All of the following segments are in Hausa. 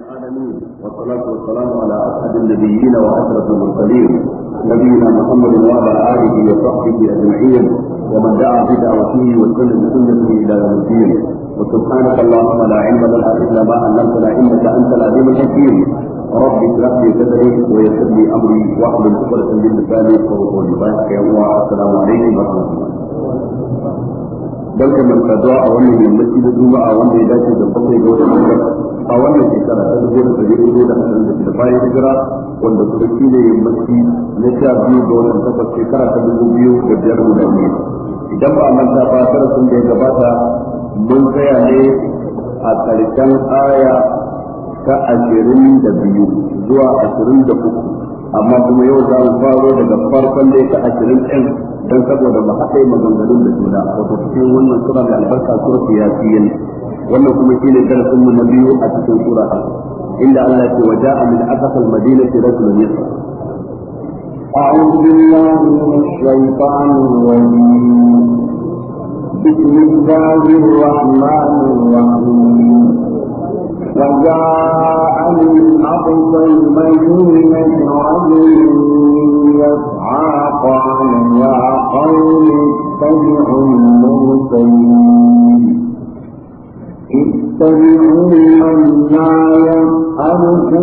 العالمين والصلاة والسلام على أسعد النبيين وأشرف المرسلين نبينا محمد وعلى آله وصحبه أجمعين ومن دعا بدعوته وسن بسنته إلى يوم الدين وسبحانك اللهم لا علم لنا إلا ما علمتنا إنك أنت العليم الحكيم رب اشرح لي صدري ويسر لي أمري واحلل عقدة من لساني يفقهوا قولي السلام عليكم ورحمة الله. barkan da saduwa a wannan yammaci da juma'a wanda ya dace da bakwai ga a wannan shekara ta dubu da ɗari hudu da ashirin da shida bayan hijira wanda su shi ne mafi na sha biyu ga wannan takwas shekara ta dubu biyu da biyar da biyu idan ba a manta ba sun da ya gabata mun tsaya ne a ƙarshen aya ta ashirin da biyu zuwa ashirin da uku amma kuma yau za mu faro daga farkon da ta ashirin ɗin don saboda mu haɗe maganganun da juna wato cikin wannan sura da albarka sura siyasiya ne وانا كما كنا كنت من النبي أتكون سورة إلا أن التي وجاء من أقصى المدينة رجل يسر أعوذ بالله من الشيطان الرجيم بسم الله الرحمن الرحيم وجاء من أقصى المدينة رجل يسعى قال يا قوم اتبعوا المرسلين اتبعوا من لا يسألكم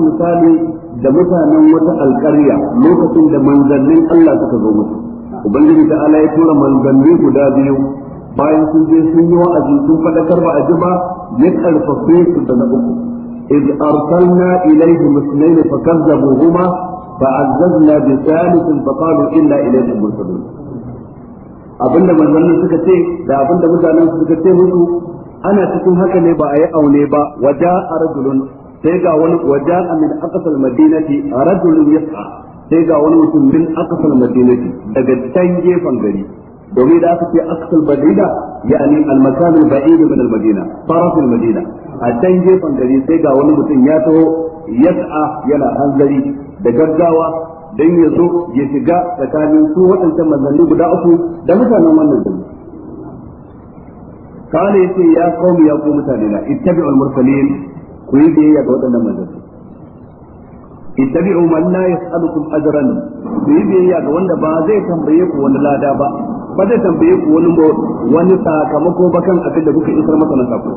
misali da mutanen wata lokacin da manzannin Allah suka zo musu ubangiji ta ala ya tura manzanni guda biyu bayan sun je sun yi wa'azi sun faɗakar ba a ji ba ya karfafe su da na uku إذ أرسلنا إليهم اثنين فكذبوهما فعززنا بثالث فقالوا إنا إليكم مرسلون abinda manzannin suka ce da abinda mutanen suka ce musu ana cikin haka ne ba a yi aune ba waja a rajulun sai ga wani waja a min akasal madinati a rajulun yasa sai ga wani mutum min akasal madinati daga can gefen gari domin da aka ce aqsal madina yani al makan al ba'id min al madina taraf al madina a can gefen gari sai ga wani mutum ya taho yas'a yana hanzari da gaggawa dan ya zo ya shiga tsakanin su waɗancan manzanni guda uku da mutanen wannan gari kana yace ya qaumi ya ku mutane na ittabi'ul mursalin ku yi biyayya ga waɗannan manzanni ittabi'u man la yas'alukum ajran ku yi biyayya ga wanda ba zai tambaye ku wani lada ba ba zai tambaye ku wani wani sakamako ba kan abin da kuka isar masa na sako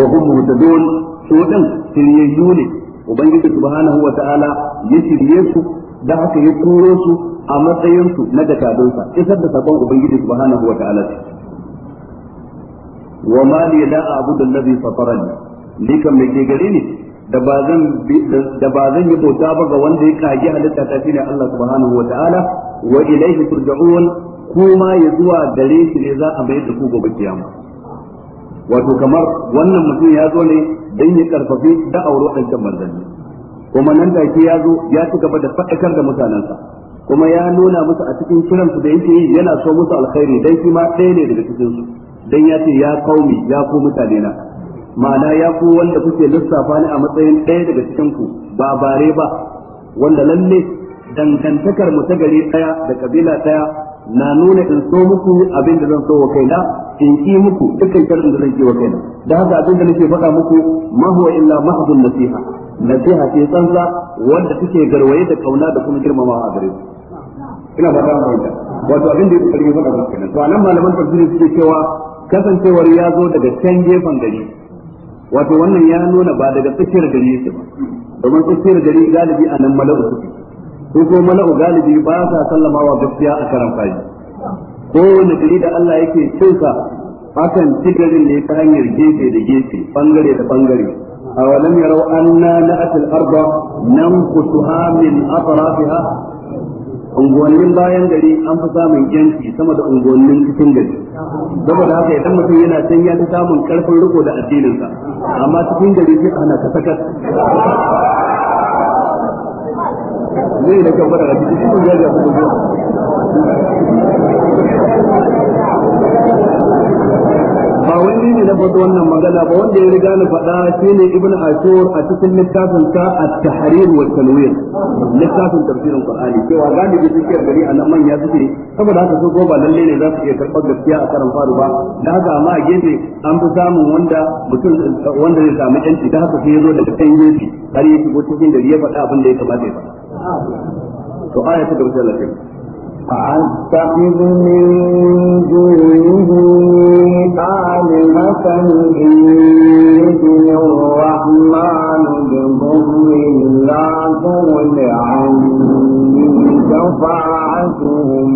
wa hum muhtadun su din shiryayyu ne ubangiji subhanahu wa ta'ala ya shirye su da haka ya koro su a matsayin na jakadunsa isar da sakon ubangiji subhanahu wa ta'ala wa ma li la a'budu alladhi fatarani likan me ke gare ni da ba zan da ba zan yi bauta ba ga wanda ya kage halitta ta shine Allah subhanahu wa ta'ala wa ilayhi turja'un kuma ya zuwa gare shi ne za a mayar da ku gobe kiyama wato kamar wannan mutum ya zo ne don ya karfafi da'awar waɗancan manzanni kuma nan take ya zo ya ci gaba da faɗakar da mutanensa kuma ya nuna musu a cikin kiransu da yake yi yana so musu alkhairi dan shi ma ɗaya ne daga cikin su dan ya ce ya kaumi ya ku mutane na ma'ana ya ku wanda kuke lissafa ni a matsayin ɗaya daga cikin ku ba bare ba wanda lalle dangantakar mu ta gari ɗaya da kabila ɗaya na nuna in so muku abin da zan so wa kaina in ki muku dukkan sharrin da zan ki wa kaina da haka abin da nake faɗa muku ma huwa illa mahdun nasiha nasiha ce tsantsa wanda take garwaye da kauna da kuma girmamawa a gare ina ba ta fahimta wato abin da ya kokarin faɗa muku kenan to anan malaman tafsiri suke cewa kasancewar ya zo daga can gefen gari wato wannan ya nuna ba daga tsakiyar gari yake ba domin tsakiyar gari galibi a nan mala'u suke Ko ko mala'u galibi ba sa sallama wa gaskiya a karan fari ko wani gari da Allah yake cinsa hakan tigarin ne ta hanyar gefe da gefe bangare da bangare A awalam yarau anna Nan ku nanqusuha min atrafiha unguwannin bayan gari an fi samun yanki sama da unguwannin cikin gari saboda haka idan mutum yana can ya fi samun karfin riko da addininsa amma cikin gari sai ana kasakas zai da kyau fara cikin sun ya ga kuma ba wani ne na faɗi wannan magana ba wanda ya riga ni faɗa shine ibn ashur a cikin littafin sa at-tahrir wa tanwir littafin tafsirin qur'ani cewa galibi suke gari a nan manya suke saboda haka so ba lalle ne za su iya karɓar gaskiya a karan faru ba da haka amma a gefe an fi samun wanda mutum wanda zai samu yanci da haka sai ya zo daga kan gefe har ya shigo cikin gari ya faɗa abin da ya kamata ya faɗa to aya ta gaba Allah kai أتخذ من دونه آلهة إن يدن الرحمن بضر لا تغن عني شفاعتهم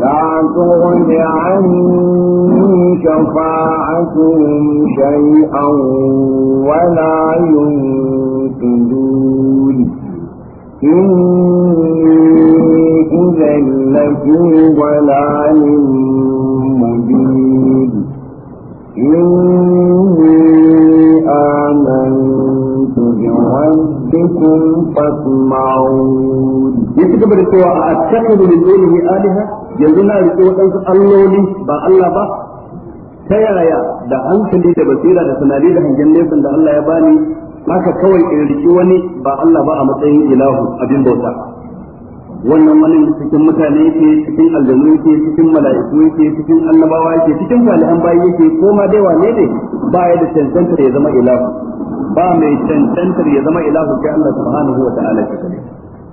لا تغن عني شفاعتهم شيئا ولا ينفع إني إذا لفي ضلال مبين إني آمنت بربكم فاسمعون يجب أن تقول أتخذ من دونه آلهة يزنا لتوقف اللولي با الله با ta yaya da hankali da basira da tunani da hangen nesa da Allah ya bani haka kawai in riki wani ba Allah ba a matsayin ilahu abin bauta wannan wani cikin mutane yake cikin aljanu yake cikin mala'iku yake cikin annabawa yake cikin salihan bayi yake ko ma dai wane ne ba ya da cancantar ya zama ilahu ba mai cancantar ya zama ilahu sai Allah subhanahu wa ta'ala shi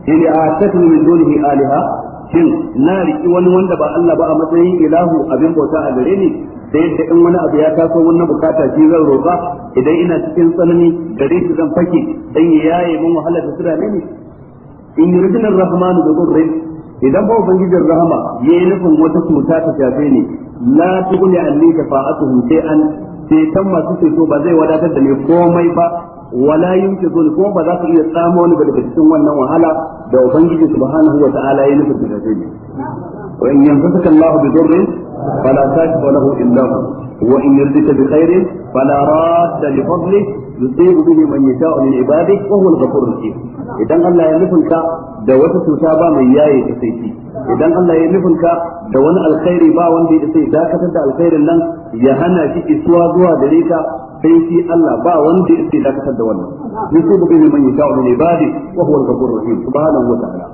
shine a tatlu min dunihi Aliha? shin na riki wani wanda ba Allah ba a matsayin ilahu abin bauta a gare ni da yadda in wani abu ya taso wannan bukata shi zan roƙa idan ina cikin tsanani gare shi zan fake dan ya yaye mun wahalar da sura ne in yuridinar rahmanu da gurrin idan ba ubangijin rahama ya yi nufin wata cuta ta shafe ni la tughni anni an shay'an ceton masu ceto ba zai wadatar da ni komai ba wala yunkizun ko ba za ka iya tsamo ni daga cikin wannan wahala da ubangiji subhanahu wa ta'ala ya nufin da shafe ni wa in yanfasuka Allahu bi فلا كاشف له إلا هو وإن يردك بخير فلا راد لفضله يصيب به من يشاء من عباده وهو الغفور الرحيم إذا الله يملكك da wata cuta ba mai yaye ta sai idan Allah ya nufinka da wani alkhairi ba wanda ya sai dakatar da alkhairin nan ya hana shi isuwa zuwa gare ka sai shi Allah ba wanda ya sai dakatar da wannan yusufu bihi man yasha'u ne ibadi wa huwa al-ghafurur rahim subhanahu wa ta'ala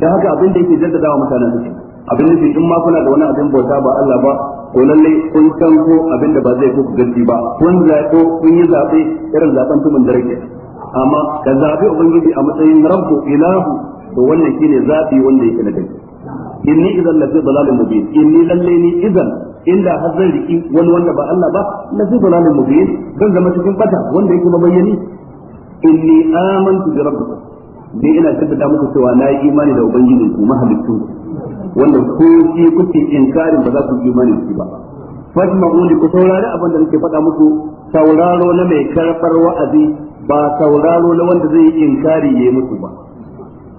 da haka abin da yake jaddadawa mutanen su abin da in ma kuna da wani abin bauta ba Allah ba ko lalle kun san ko abin da ba zai ku gaci ba kun zaɓo kun yi zaɓe irin zaɓen tumin da rake, amma ka zaɓi ubangiji a matsayin rabbu ilahu to wannan shine zaɓi wanda yake na gaci inni idan lafi dalalin mubin inni lalle ni idan inda har zan riki wani wanda ba Allah ba lafi dalalin mubin zan zama cikin bata wanda yake mabayyani inni amantu bi rabbikum ni ina tabbata muku cewa na yi imani da ubangijinku ku. wanda ko shi kuke inkarin ba za ku yi mani shi ba fasma'u li ku saurari abin da nake faɗa muku sauraro na mai karɓar wa'azi ba sauraro na wanda zai inkari yayi musu ba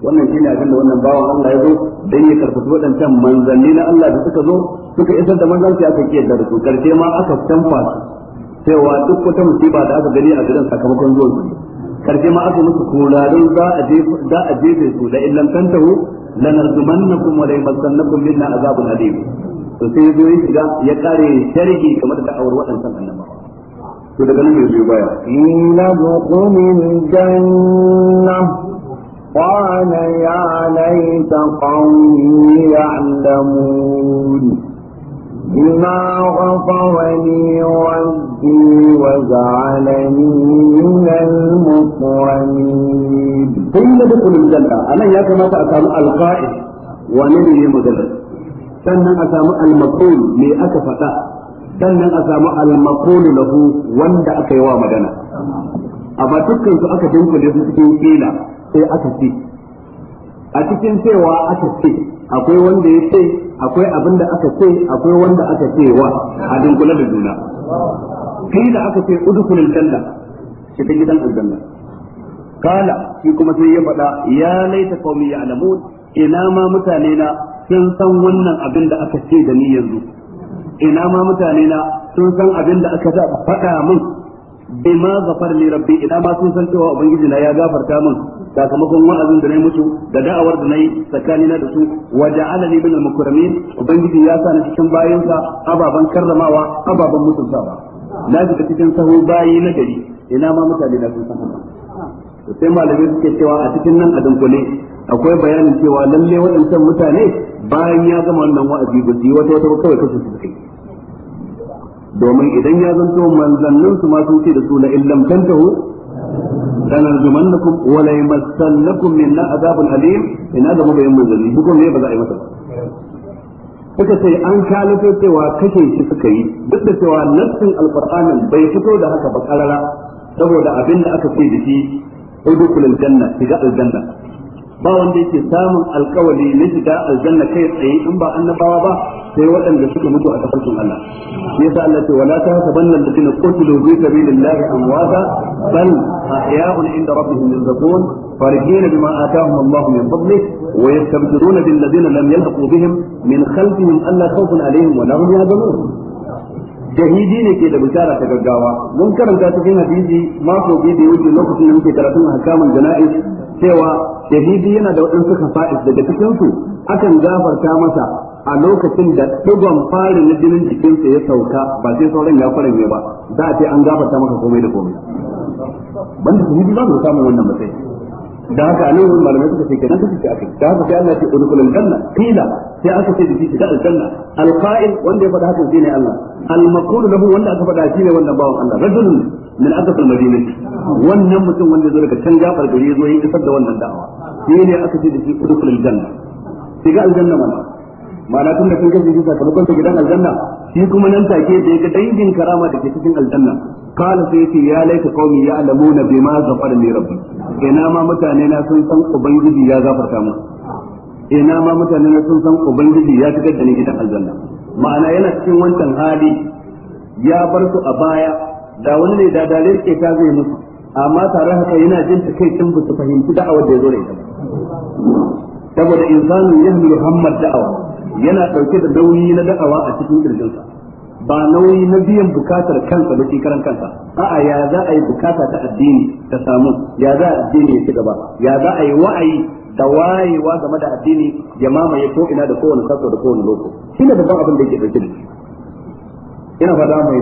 wannan shine abin da wannan bawan Allah ya zo dan ya karfafi waɗancan manzanni na Allah da suka zo suka isar da manzanci aka kiyar da su karshe ma aka tamfa cewa duk wata musiba da aka gani a gidan sakamakon zuwan su karshe ma aka musu kurarin za a je za a je su da illan tantahu lanarjumannakum wa la yamassannakum minna azabun to sai yazo ya shiga ya kare sharhi kamar da awar waɗansan annabawa to daga nan yazo baya inna buqumil janna قال يا ليت qawmi ya'lamun بما غفر لي ربي وجعلني من المكرمين ثم ندخل الجنة أنا يا كما تأتم القائد ونبي مدرس sannan a samu almakul me aka faɗa sannan a samu almakul lahu wanda aka yi wa magana amma dukkan su aka dinkule su cikin kila sai aka ce a cikin cewa aka ce akwai wanda ya ce akwai abin da aka ce akwai wanda aka ce wa a dunkule da juna kai da aka ce udkhulul janna shi ta gidan aljanna kala shi kuma sai ya faɗa ya laita qaumi ya'lamun ina ma mutane na sun san wannan abin da aka ce da ni yanzu ina ma mutane na sun san abin da aka faɗa min bima ghafar li rabbi ina ma sun san cewa ubangiji na ya gafarta min sakamakon wa'azin da na yi mutu da da'awar da na yi tsakanina da su wa ja'ala ni minal mukarramin ubangiji ya sa ni cikin bayansa ababen karramawa ababan mutuntawa na shiga cikin sahu bayi na gari ina ma mutane na sun san haka sai malamai suke cewa a cikin nan a dunkule akwai bayanin cewa lalle waɗancan mutane bayan ya gama wannan wa'azi ba su yi wata wata kawai kasu su kai domin idan ya zanto manzannin su ma sun ce da su la illam tantahu لنرجمنكم وليمسنكم منا عذاب أليم إن هذا مبين منزلي حكم ليه بذا مثلا suka ce an kalifo cewa kashe shi suka yi duk da cewa nassin alqur'anin bai fito da haka ba karara saboda abin da aka ce da shi udkhulul janna shiga aljanna ba wanda yake samun alkawali na shiga aljanna kai tsaye in ba annabawa ba sai waɗanda suka mutu a tafarkin Allah yasa Allah ce wala ta tahsabanna alladhina qutilu fi sabilillahi amwata bal ahya'un inda rabbihim yurzaqun farihina bima atahum Allah min fadlih wa yastabshiruna bil ladina lam yalhaqu bihim min khalfihim alla khawfun alaihim wa lahum yahzanun jahidi ne ke da bishara ta gaggawa mun karanta cikin hadisi mako biyu da wuce lokacin da muke karatun hakamun jana'is cewa shahidi yana da waɗansu kafa'is daga cikinsu akan gafarta masa a lokacin da digon fari na jinin jikinsa ya sauka ba sai sauran ya kwarame ba za a ce an gafarta maka komai da komai banda shahidi ba su samun wannan matsayi da haka a nan malamai suka ce kenan suka ce akai da haka sai Allah ce udkhul aljanna qila sai aka ce da shi da aljanna alqa'il wanda ya faɗa haka shine Allah almaqul lahu wanda aka faɗa shine wannan bawan Allah rajulun min azab al-madina wannan mutum wanda zo daga can jafar gari zo yin isar da wannan da'awa sai ne aka ce da shi kudukul aljanna. janna ga aljanna mana ma'ana tun da kun ga shi sakamakon sa gidan aljanna shi kuma nan take da ya dangin karama da ke cikin aljanna kala sai yace ya laika qaumi ya'lamuna bima zafar li rabbi ina ma mutane na sun san ubangiji ya gafarta mu ina ma mutane na sun san ubangiji ya shigar da ni gidan aljanna ma'ana yana cikin wancan hali ya bar su a baya da wani ne da dalil ke ta zai musu amma tare haka yana jin ta kai kin su fahimci da'awar da ya zo da ita saboda insanu yahmilu hammad da'awa yana dauke da nauyi na da'awa a cikin kirjinsa ba nauyi na biyan bukatar kansa da shi karan kansa a'a ya za a yi bukata ta addini ta samu ya za a addini ya ci gaba ya za a yi wa'ayi da wayewa game da addini ya mamaye ko ina da kowane sako da kowane loko shine babban abin da yake dauke da shi ina faɗa mai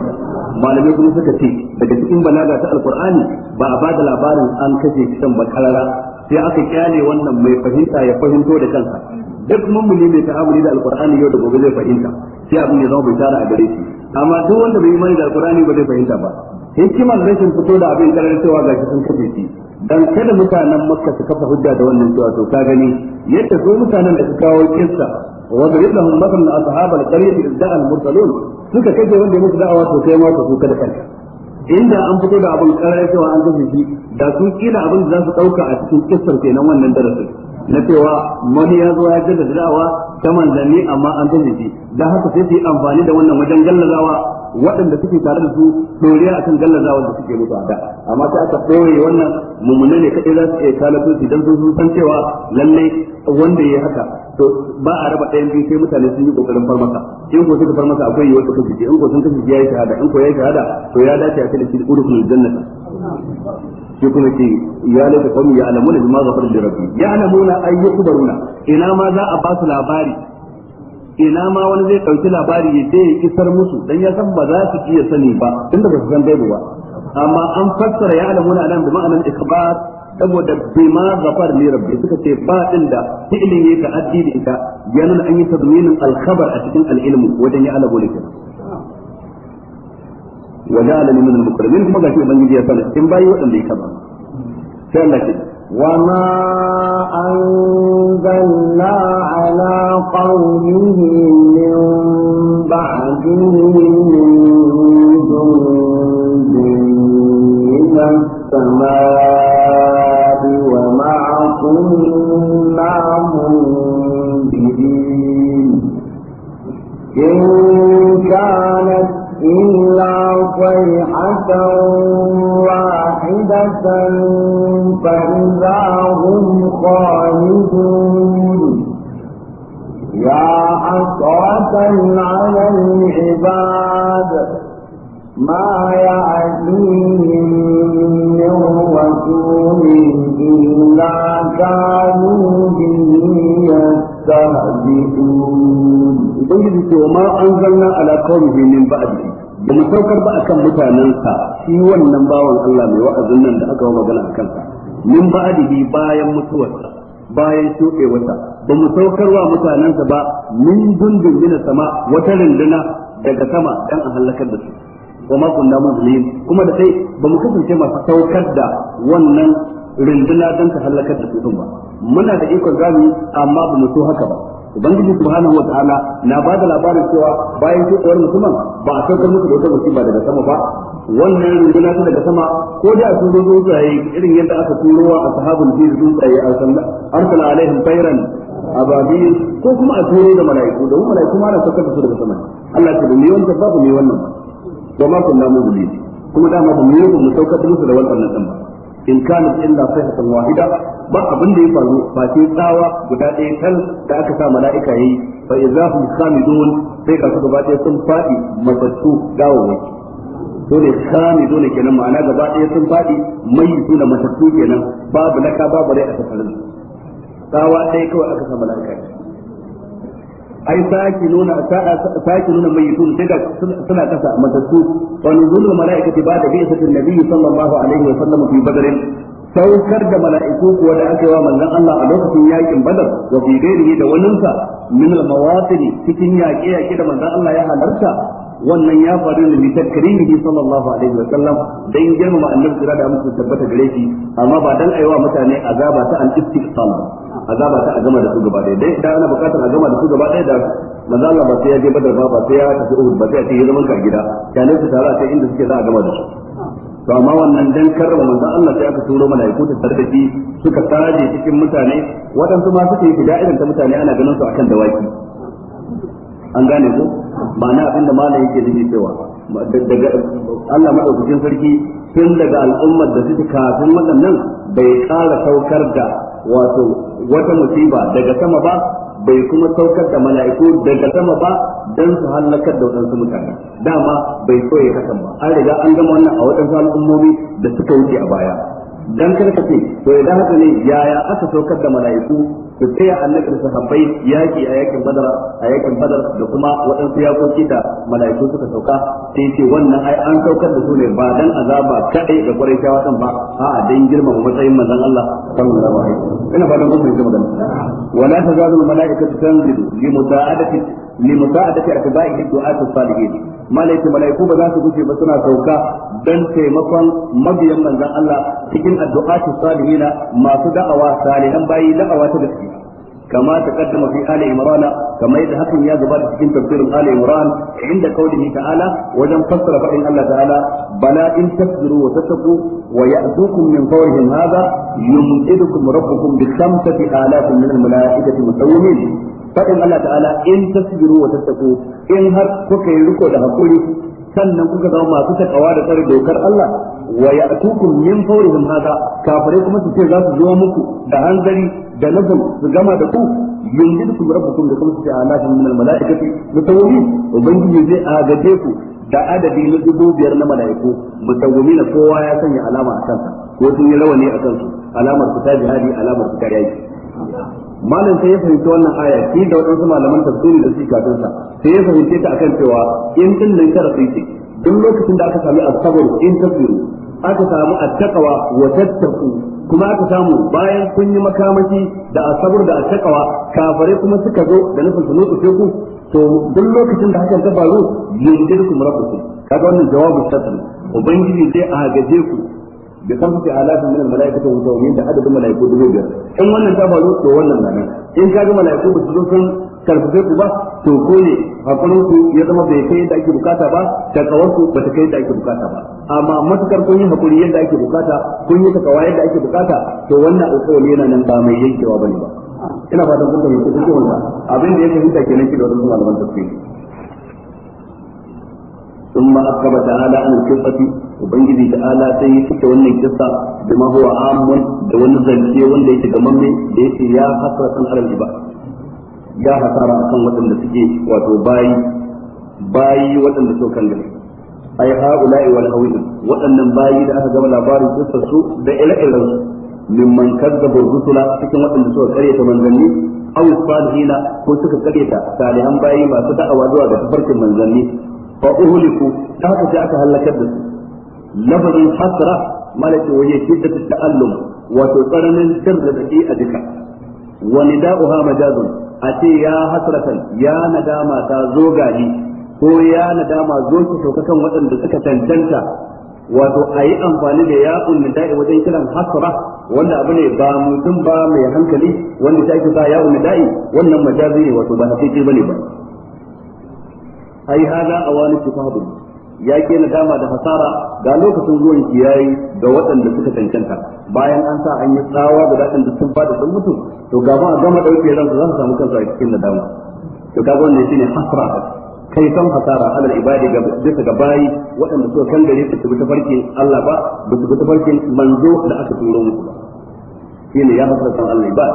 malamai kuma suka ce daga cikin balaga ta alkur'ani ba a bada labarin an kashe kisan ba karara sai aka kyale wannan mai fahimta ya fahimto da kansa duk mummuni mai ta'amuli da alkur'ani yau da gobe zai fahimta sai abin ya zama bai tara a gare shi amma duk wanda bai mani da alkur'ani ba zai fahimta ba hikimar rashin fito da abin karar cewa ga shi sun kashe shi dan kada mutanen makka su kafa hujja da wannan cewa to ka gani yadda su mutanen da su kawo kinsa وضرب لهم مثلا أصحاب القرية إذ دعا المرسلون suka kace wanda ya musu da'awa to kai ma ka kuka da kanka inda an fito da abin karar cewa an gaji shi da sun kila abin da za su ɗauka a cikin kissar kenan wannan darasin na cewa wani ya zo ya jaddada da'awa ta manzanni amma an zo shi don haka sai su yi amfani da wannan wajen gallazawa waɗanda suke tare da su a akan gallazawa da suke mutu a da amma sai aka ɗoye wannan mummuna ne kaɗai za su iya kala su idan sun sun san cewa lallai wanda ya haka to ba a raba ɗayan biyu sai mutane sun yi kokarin farmaka in ko suka farmaka akwai yiwuwar kafin fice in ko sun kasance ya yi shahada in ko ya yi shahada to ya dace a kai da shi da urufin jannata sai kuma ce ya laita qawmi ya alamuna bima ghafara li rabbi ya alamuna ay yakbaruna ina ma za a ba su labari ina ma wani zai dauki labari ya ce ya kisar musu dan ya san ba za su iya sani ba tunda ba su san gaibu ba amma an fassara ya alamuna anan bi ma'anan ikhbar saboda ma ghafar li rabbi suka ce ba din da fi'lin ya ta addi da ita yana an yi tadminin al a cikin al'ilmu wajen ya alamuna kenan wa ja'alani min al-mukarramin kuma gashi ubangiji ya sani in bayi waɗanda ya kaba sai Allah ke وما أنزلنا على قومه من بعده من جند من واحدة فإذا هم خالدون يا حسرة على العباد ما يأتيهم من رسول إلا كانوا به يستهزئون. وما أنزلنا على قومه من بعده ba mu saukar ba akan mutanensa shi wannan bawan Allah mai wa'azin nan da aka wa magana a kansa min ba'dihi bayan mutuwarsa bayan shuɗewarsa ba mu saukar wa mutanensa ba min dundun mina sama wata rinduna daga sama dan a halakar da su wa ma kunna muzlim kuma da sai ba mu kasance masu saukar da wannan rinduna dan ta halakar da su ba muna da ikon zamu amma ba mu so haka ba ubangiji subhanahu wataala na ba da labarin cewa bayan shukawar musulman ba a saukar musu da wata musiba daga sama ba wannan runduna ta daga sama ko da a zo tsuntsaye irin yadda aka turowa a sahabin fi tsuntsaye arsala alaihim bayran ababi ko kuma a turo da mala'iku da mala'iku ma na saukar da su daga sama Allah ya ce mu yi wannan ba mu yi wannan ba ma kunna mu kuma dama ba mu yi mu saukar musu da wannan nan ba in kana illa sayhatan wahida ba abin da ya faru ba sai tsawa guda ɗaya kan da aka sa mala'ika yi fa idahum khamidun sai ka ba bace sun fadi mabattu gawawaki to ne khamidun kenan ma'ana gaba ɗaya sun fadi mai suna matattu kenan babu naka babu rai a tsakanin tsawa ɗaya kawai aka sa mala'ika yi ai saki nuna saki nuna mai yutun sai da suna kasa matattu wa nuzulul malaikati ba da bi'satin nabiy sallallahu alaihi wa sallam fi badr saukar da mala'iku kuwa da aka yi wa manzon Allah a lokacin yakin badar wa fi gairihi da waninsa min al cikin yaƙe yaƙe da manzon Allah ya halarta wannan ya faru ne bi takrimihi sallallahu alaihi wa sallam dan girmama annabi da mutum tabbata gare shi amma ba dan aiwa mutane azaba ta al-istiqsal azaba ta a gama da su gaba ɗaya dai idan ana bukatar a gama da su gaba ɗaya da manzo Allah ba sai ya je badar ba ba sai ya tafi Uhud ba sai ya ce ya zaman ka gida kyale su tare a sai inda suke za a gama da su to amma wannan dan karrama manzo Allah sai aka turo malaiku ta tarbaki suka saje cikin mutane waɗansu ma suke yi irin ta mutane ana ganin su akan dawaki an gane ko ma'ana abinda malam yake nufi cewa daga Allah madaukakin sarki tun daga al'ummar da suke kafin waɗannan bai ƙara saukar da wato wata musiba daga sama ba bai kuma saukar da mala'iku daga sama ba dan su halakar da waɗansu mutane dama bai so ya hakan ba an riga an gama wannan a wadansu al'ummomi da suka wuce a baya dan karkace ce to idan haka ne yaya aka saukar da mala'iku su tsaya da sahabbai yaki a yakin badar a yakin badar da kuma waɗansu yakoki da mala'iku suka sauka sai ce wannan ai an saukar da su ne ba dan azaba kadai da kwarai shawa din ba a dan girmama matsayin manzon Allah sallallahu alaihi wasallam ina fatan kun fahimci magana wala tazalu malaikatu tanzilu li muta'adati li musa'adati atba'ihi du'atu salihin malaiku malaiku ba za su guje ba suna sauka dan taimakon mabiyan manzon Allah cikin addu'atu salihin masu da'awa salihan bayi da'awa ta gaskiya كما تقدم في آل عمران كما يذهب يا زباد في تفسير آل عمران عند قوله تعالى وجم فسر فإن الله تعالى بلى إن تصبروا وتتقوا ويأتوكم من فورهم هذا يمددكم ربكم بخمسة آلاف من الملائكة مسومين fadin Allah ta'ala in tasbiru wa tattaku in har kuka yi riko da hakuri sannan kuka zama masu takawa da tsare dokar Allah wa ya'tukum min fawrihim hada kafirai kuma su ce za su zo muku da hanzari da nazar su gama da ku yunjidukum rabbukum da kuma su ce alaihim min almalaikati mutawwilin ubangiji zai agaje ku da adadi na dubu biyar na mala'iku mutawwimi na kowa ya sanya alama a kansa ko sun yi rawani a kansu alamar ta jihadi alamar ta yaki malam sai ya fahimci wannan aya shi da waɗansu malaman tafsiri da suke kafin sa sai ya fahimce ta akan cewa in din nan karafi ce duk lokacin da aka sami asabar in tsiru aka samu attaqwa wa tattaqu kuma aka samu bayan kun yi makamashi da asabar da attaqwa kafare kuma suka zo da nufin su nutsu ku to duk lokacin da hakan ta faru yundirkum murabbi kaga wannan jawabu satr ubangiji zai agaje ku bi khamsi alafin min ta wa tawmin da adadin malaiku dubu biyar in wannan ta faru to wannan na in ka ga malaiku ba su zo sun karfafe ku ba to ko ne hakurin ku ya zama bai kai yadda ake bukata ba takawar ku ba ta kai yadda ake bukata ba amma matukar kun yi hakuri yadda ake bukata kun yi takawa yadda ake bukata to wannan alƙawari yana nan ba mai yankewa bane ba ina fatan kun fahimci kun wannan abin da ya fahimta kenan ki da wannan malaman tafsiri ثم أخبر تعالى عن الكفة ubangiji da ala sai ya cike wannan kissa da ma huwa amun da wani zance wanda yake ga mamme da yake ya kan alal ba ya hasara akan waɗanda suke wato bayi bayi waɗanda so kan gari ai haula'i wal hawin waɗannan bayi da aka gama labarin kissar su da ire-iren su mimman kazzaba rusula cikin waɗanda suka karyata manzanni aw salihina ko suka karyata salihan bayi masu da'awa zuwa ga tafarkin manzanni fa uhliku ta haka sai aka halakar da su lafazin hasra malaki waje shiddatu ta'allum wato tsaranin tarzabi a duka wa nida'uha majazun a ce ya hasratan ya nadama ta zo gani ko ya nadama zo ki sauka kan waɗanda suka tantanta wato a yi amfani da ya'un nida'i wajen kiran hasra wanda abu ne ba mutum ba mai hankali wanda ta ake sa ya'un nida'i wannan majazi ne wato ba hakiki bane ba ai hada awani tufahun ya ke na dama da hasara ga lokacin zuwan ki yayi ga waɗanda suka cancanta bayan an sa an yi tsawa ga waɗanda sun fada sun mutu to gaba a gama ɗauke ransu za su samu kansu a cikin dama. to kaga wannan shine hasara kai san hasara alal ibadi ga bisa ga bayi waɗanda suka kan gare su bi tafarkin Allah ba ba su bi tafarkin manzo da aka turo musu ba shine ya hasara san Allah ba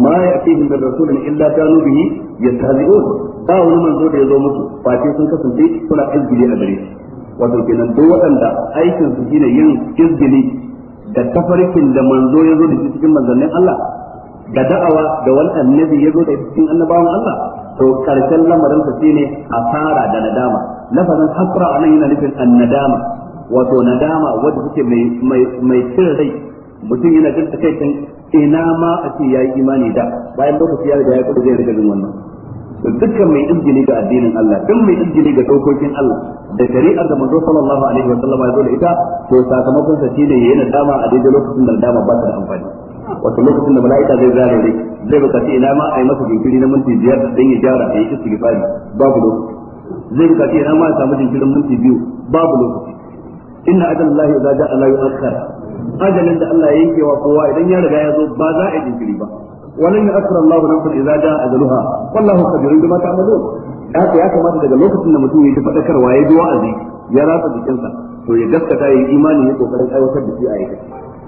ma ya'tihim da rasulin illa kanu bihi yastahzi'un ba wani manzo da ya zo musu face sun kasance suna izgili a gare shi wato kenan duk waɗanda aikin su shine yin izgili da tafarkin da manzo ya zo da shi cikin manzannin Allah da da'awa da wani annabi ya zo da cikin annabawan Allah to karshen lamarin sa shine asara da nadama lafazin hasra anan yana nufin annadama wato nadama wanda take mai mai mai cin rai mutum yana jin takaitin ina ma a ce ya yi imani da bayan lokaci ya riga ya kudu zai riga jin wannan dukkan mai izgili ga addinin Allah duk mai izgili ga dokokin Allah da shari'ar da manzo sallallahu alaihi wa sallama ya zo da ita to sakamakon sa shine yayin da dama a daidai lokacin da dama ba ta da amfani wato lokacin da mala'ika zai zare ne zai bukaci ina ma a yi masa jinkiri na minti biyar dan ya gyara da yi istighfari babu lokaci zai bukaci ina ma a samu jinkirin minti biyu babu lokaci inna ajalallahi idza ja'a la yu'akhkhar ajalin da Allah ya yanke wa kowa idan ya riga ya zo ba za a yi jinkiri ba ولن يؤخر الله نفسا اذا جاء اجلها والله خبير بما تعملون haka ya kamata daga lokacin da mutum ya ji faɗakarwa ya ji wa'azi ya ratsa jikinsa to ya gaskata ya yi imani ya kokarin aiwatar da shi a yake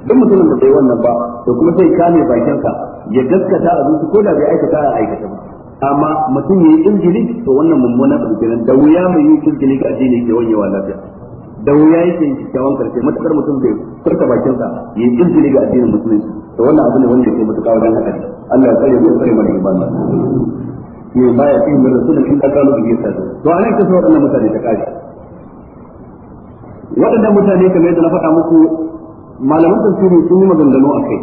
duk mutumin da bai wannan ba to kuma sai kame bakinsa ya gaskata a zuci ko da bai aikata a aikata ba amma mutum ya yi injili to wannan mummunan abu kenan da wuya mai yi injili ga addini ke wanyewa lafiya da wuya yake yin kyakkyawan karshe matakar mutum bai furta bakin sa yi izini ga addinin musulunci to wannan abu ne wanda yake mutuka wajen haka Allah ya tsare mu ya tsare mana imani ne baya fi mun rasul shi da kalu biye sa to anan ka so wannan mutane ta kare waɗannan mutane kamar yadda na faɗa muku malaman tafsiri sun yi maganganu a kai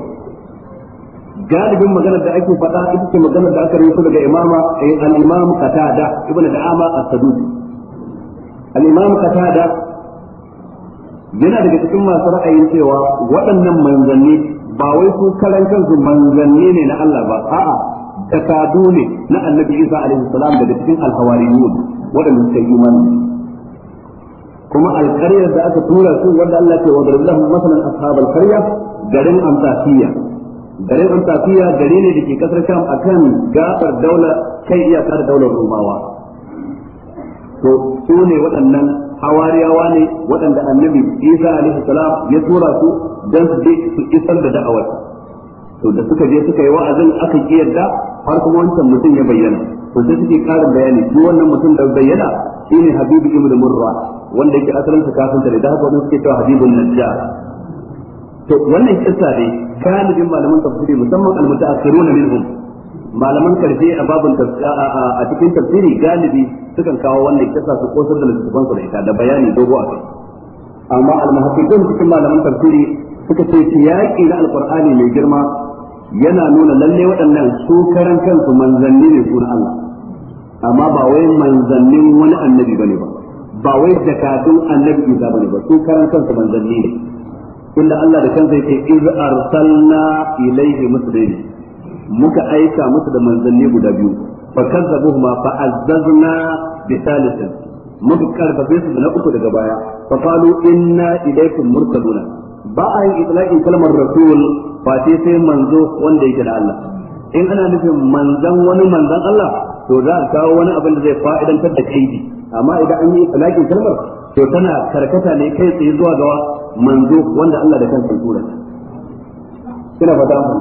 galibin maganar da ake faɗa ita ce maganar da aka rubuta daga imama eh, al-imam qatada ibnu da'ama as-sadusi al-imam qatada yana daga cikin masu ra'ayin cewa waɗannan manzanni ba wai su karan kansu manzanni ne na Allah ba a'a da takadu ne na annabi Isa alaihi salam daga cikin alhawariyun waɗanda suka yi imani kuma alƙaryar da aka tura su wanda Allah ke wa garin lahum masalan ashabal qarya garin amsafiya garin amsafiya gari ne dake ke kasar sham akan gabar daular kai iyaka da daular rumawa to su ne waɗannan hawariyawa ne waɗanda annabi Isa alaihi salam ya tura su dan su je su isar da da'awar to da suka je suka yi wa'azin aka ki yadda har kuma wancan mutum ya bayyana to sai suke ƙarin bayani shi wannan mutum da bayyana shine Habibu ibn Murra wanda yake asalin sa kafin da haka wannan suke cewa Habibun Najjar to wannan kissa ne kana bin malaman tafsiri musamman al-mutaakhirun minhum malaman karfe a babin a cikin tafsiri galibi sukan kawo wannan kisa su kosar da littattafan su da ita da bayani dogo a kai amma almuhaqqiqun cikin malaman tafsiri suka ce yaƙi na alqur'ani mai girma yana nuna lalle waɗannan su karan kansu manzanni ne su Allah amma ba wai manzannin wani annabi bane ba ba wai jakadun annabi Isa bane ba su karan kansu manzanni ne inda Allah da kansa yake iz arsalna ilayhi muslimin muka aika musu da manzanni guda biyu fa kazzabuhuma fa azzazna bi thalithin muka karfafe su na uku daga baya fa qalu inna ilaykum mursaluna ba a yi itlaqin kalmar rasul ba sai sai manzo wanda yake da Allah in ana nufin manzan wani manzan Allah to za a kawo wani abin da zai fa'idantar da kai amma idan an yi itlaqin kalmar to tana karkata ne kai tsaye zuwa ga manzo wanda Allah da kansa tura kina fata mun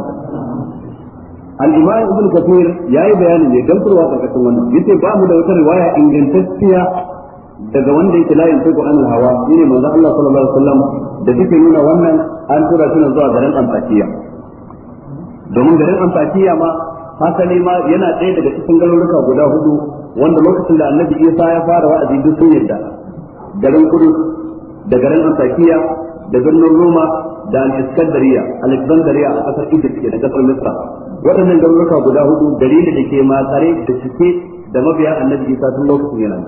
al-imam ibn kafir yayi bayani ne dan furwa karkashin wannan yace ba mu da wata riwaya ingantacciya daga wanda yake la yanzu ko anil hawa shine manzo Allah sallallahu alaihi wasallam da take nuna wannan an tura shi zuwa garin Antakiya domin garin Antakiya ma hasali ma yana ɗaya daga cikin garuruka guda hudu wanda lokacin da Annabi Isa ya fara wa'azi duk sun yarda garin Kudu da garin Antakiya da birnin Roma da al iskandariya Alexandria Alexandria a kasar Egypt ke da kasar Misra waɗannan garuruka guda hudu dalilin da ke matsare da cike da mabiya annabi isa tun lokacin yana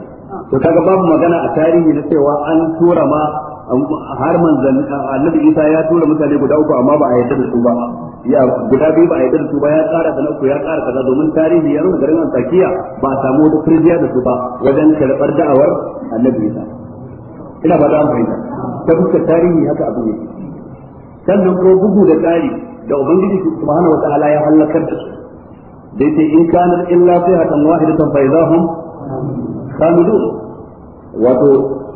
to kaga babu magana a tarihi na cewa an tura ma har manzan annabi isa ya tura mutane guda uku amma ba a yarda da su ba ya guda biyu ba a yarda da su ba ya tsara da uku ya tsara kaza domin tarihi ya nuna garin antakiya ba a samu wata firjiya da su ba wajen karɓar da'awar annabi isa ina ba za mu fahimta ta fuskar tarihi haka abu ne. sannan ko bugu da tsari da ubangiji subhanahu wataala ya halakar da su da yake in kana illa sayhatan wahidatan fa idahum khamidun wato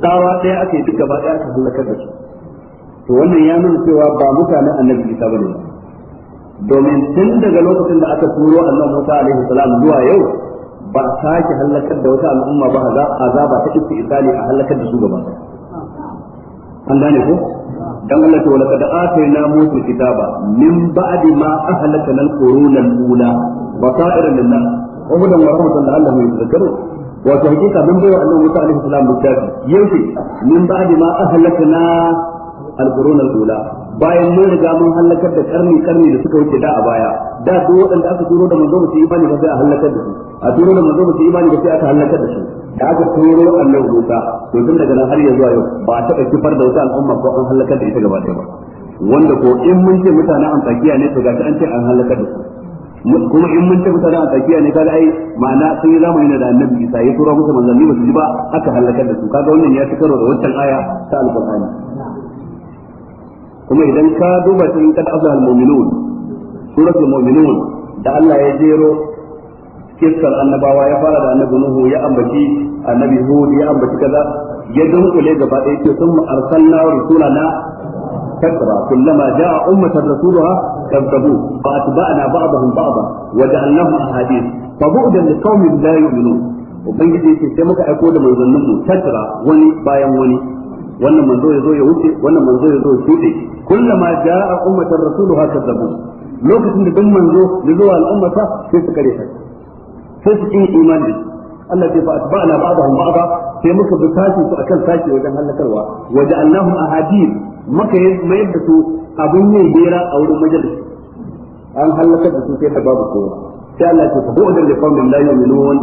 tsawa ɗaya ake duka gaba ɗaya ka halakar da su to wannan ya nuna cewa ba mutanen annabi Isa bane domin tun daga lokacin da aka turo annabi Musa alaihi salam zuwa yau ba a sake halakar da wata al'umma ba azaba ta istisali a halakar da su gaba an gane ko dan Allah ta walaka da atayna musu kitaba min ba'di ma ahlaka lal quruna al ula basairan lin nas wa hudan wa rahmatan la'allahum yadhakkarun wato hakika mun bai wa annabi Musa alaihi salam littafi yaushe min ba'di ma ahlakna al quruna al ula bayan mun riga mun halakar da karni karni da suka wuce da a baya da duk waɗanda aka turo da manzo musu imani da sai a halakar da su a turo da manzo musu imani ba sai aka halakar da su da aka turo annabi Musa to tun daga nan har ya zuwa yau ba a taɓa kifar da wuta al'umma ko an halakar da ita gaba ɗaya ba wanda ko in mun ce mutanen antakiya ne to gashi an ce an halakar da su kuma in mun ce mutanen antakiya ne kaga ai ma'ana sun yi zamani da annabi Isa ya tura musu manzanni ba su ji ba aka halakar da su kaga wannan ya fi karo da wancan aya ta alƙur'ani kuma idan ka duba cikin kad azal mu'minun suratul mu'minun da Allah ya jero kiskar annabawa ya fara da annabi nuhu ya ambaci annabi hud ya ambaci kaza ya dunkule gaba ɗaya ce sun arsalna rusulana كثرة كلما جاء أمة رسولها كذبوه فأتبعنا بعضهم بعضا وجعلناهم أحاديث فبعدا لقوم لا يؤمنون ubangiji yake sai muka aiko da manzannin mu tattara wani bayan wani wannan manzo ya zo ya wuce wannan manzo ya zo ya ummatan lokacin da dan manzo da zuwa al'ummata sai su kare sai sai su yi imani Allah ya fa atba'na ba'dahum ba'da sai muka bi tashi su akan tashi wajen halakarwa wa ja'alnahum ahadith muka mai da su abun ne bera a wurin majalis an halakar da su sai da babu kowa sai Allah ya fa bu'dan li qaumin la yu'minun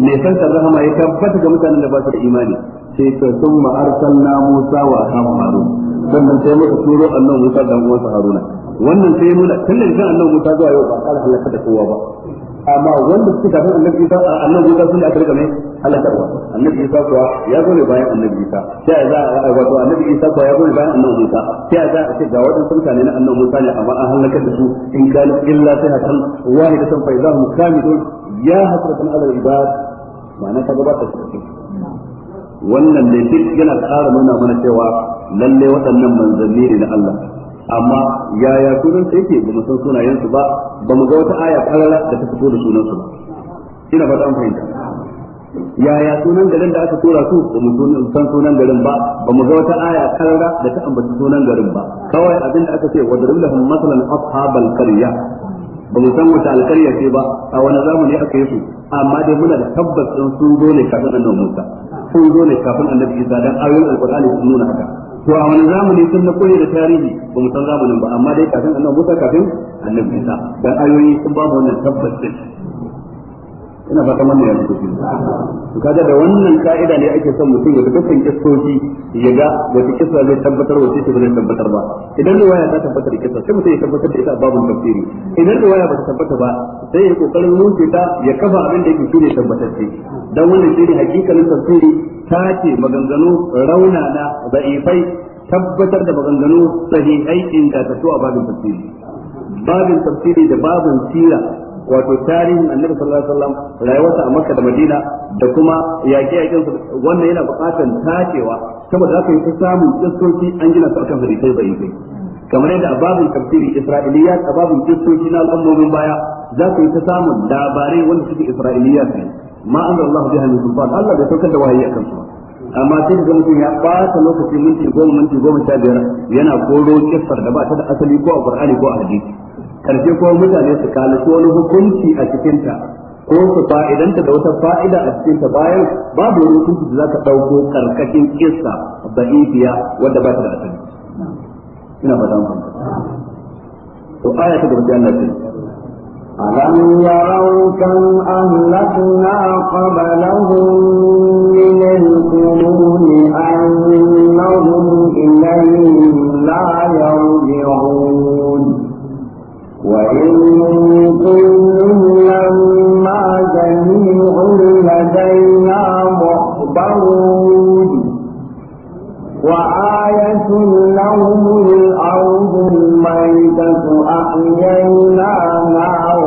ne san rahama ya tabbata ga mutanen da ba su da imani sai ta sun ma'arsan na Musa wa Harun sannan sai muka turo annabi Musa da uwansa Haruna wannan sai ya nuna tun da kan annabi Musa zuwa yau ba kala halaka da kowa ba amma wanda suke kafin annabi Isa annabi Musa sun da aka rika mai halakarwa annabi Isa kuwa ya zo ne bayan annabi Isa sai za a wato annabi Isa kuwa ya zo ne bayan annabi Musa sai za a ce ga wadansu mutane na annabi Musa ne amma an halakar da su in kana illa sai hatan wahidatan fa idahum kamidun ya hasratan ala ibad ma'ana ta gabata shi wannan ne duk yana ƙara nuna mana cewa lalle waɗannan manzanni ne na Allah amma yaya sunan sa yake bamu san sunayen su ba bamu ga wata aya karara da ta fito da sunan su ba ina fata an fahimta yaya sunan garin da aka tura su bamu san sunan garin ba bamu ga wata aya karara da ta ambaci sunan garin ba kawai abinda aka ce wa darul lahum masalan ashabal qarya bamu san wata alqarya ce ba a wani zamani aka yi su amma dai muna da tabbas sun zo ne kafin annabi Musa sun zo ne kafin annabi Isa dan ayoyin alqur'ani sun nuna haka to a wani zamani sun na koyi da tarihi ba mu san zamanin ba amma dai kafin annabi Musa kafin annabi Isa dan ayoyi sun ba mu wannan tabbacin ina ba kamar ne ya fito to kaga da wannan ka'ida ne ake son mutum ya bi dukkan kistoci ya ga wata kissa zai tabbatar wa ce zai tabbatar ba idan waya ta tabbatar kisa kissa sai mutum ya tabbatar da ita a babun tafsiri idan waya ba ta tabbata ba sai ya kokarin nunce ta ya kafa abin da yake shine tabbatacce dan wannan shine hakikalin tafsiri ta ce maganganu rauna na da'ifai tabbatar da maganganu sahihai inda ta a babin tafsiri babin tafsiri da babin sira wato tarihin annabi sallallahu alaihi wasallam rayuwarsa a makka da madina da kuma yaƙe yaƙen wannan yana buƙatar tacewa saboda haka yake samun kistoci an gina su akan hadisai bai kai kamar yadda a babin tafsiri isra'iliya, a babin kistoci na al'ummomin baya za ka yi ta samun labarai wanda suke isra'iliyat ne ma an da Allah biha min sultan Allah bai saukar da wahayi akan su amma sai ga mutum ya ɓata lokaci minti goma minti goma sha biyar yana koro kissar da ba ta da asali ko a Qur'ani ko a hadisi karshe kuma mutane su kalaci wani hukunci a cikin ta, ko su fa'idanta da wata fa'ida a cikin ta. bayan babu wani hukunci da za ka ɗauko karkashin kissa ba'ifiya wanda ba ta da asali ina fata mu to aya ta gaba Allah ce ألم يروا كم أهلكنا قبلهم من القرون أنهم إليهم لا يرجعون جميع لدينا وآية لهم الأرض أحييناها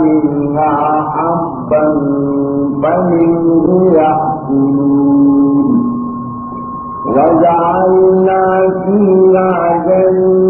منها حبا فمنه وجعلنا فيها جنات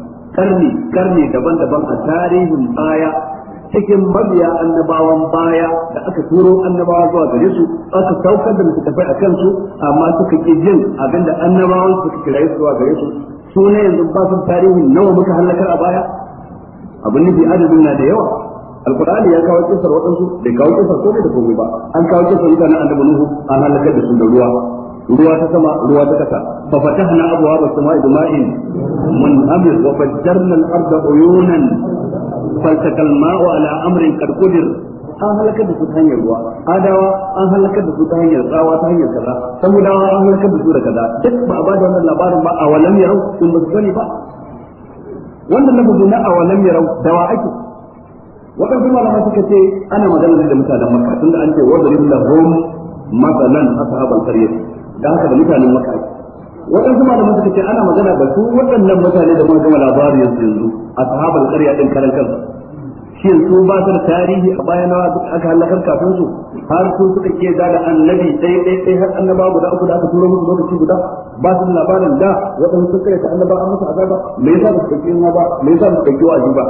karni karni daban-daban a tarihin baya cikin mabiya annabawan baya da aka turo annabawa zuwa gare su aka saukar da littattafai a kansu amma suka ƙi jin abinda annabawan suka kirayi zuwa gare su su ne yanzu ba su tarihin nawa muka halakar a baya abin nufi adadin na da yawa alkur'ani ya kawo kisar waɗansu bai kawo kisar ko da komai ba an kawo kisar mutanen annabi nuhu an halakar da su da ruwa ruwa ta sama ruwa ta kasa fa fatahna abwaaba as-samaa'i bima'in munhamir wa fajjarna al-arda uyunan faltaqa al-ma'u ala amrin qad qudir an halakar da su ta hanyar ruwa adawa an halakar da su ta hanyar tsawa ta hanyar kaza samudawa an halakar da su da kaza duk ba a ba da wannan labarin ba a walam yarau in ba su sani ba wannan lafazi na awalam yarau wa ake waɗansu malama suka ce ana magana da mutanen makka tunda an ce wa lahum masalan ashabal qaryah da haka da mutanen maka waɗansu malaman suka ce ana magana da su waɗannan mutane da muka gama labarin yanzu a sahabar ƙarya ɗin karan kansu shin su ba su da tarihi a bayan aka halakar kafin su har su suka ke da da annabi ɗaya ɗaya ɗaya har annaba guda uku da aka turo musu lokaci guda ba su da labarin da waɗansu suka yi ta annaba an musu azaba me yasa ba su ɗauki ba me yasa ba su ɗauki wa'azi ba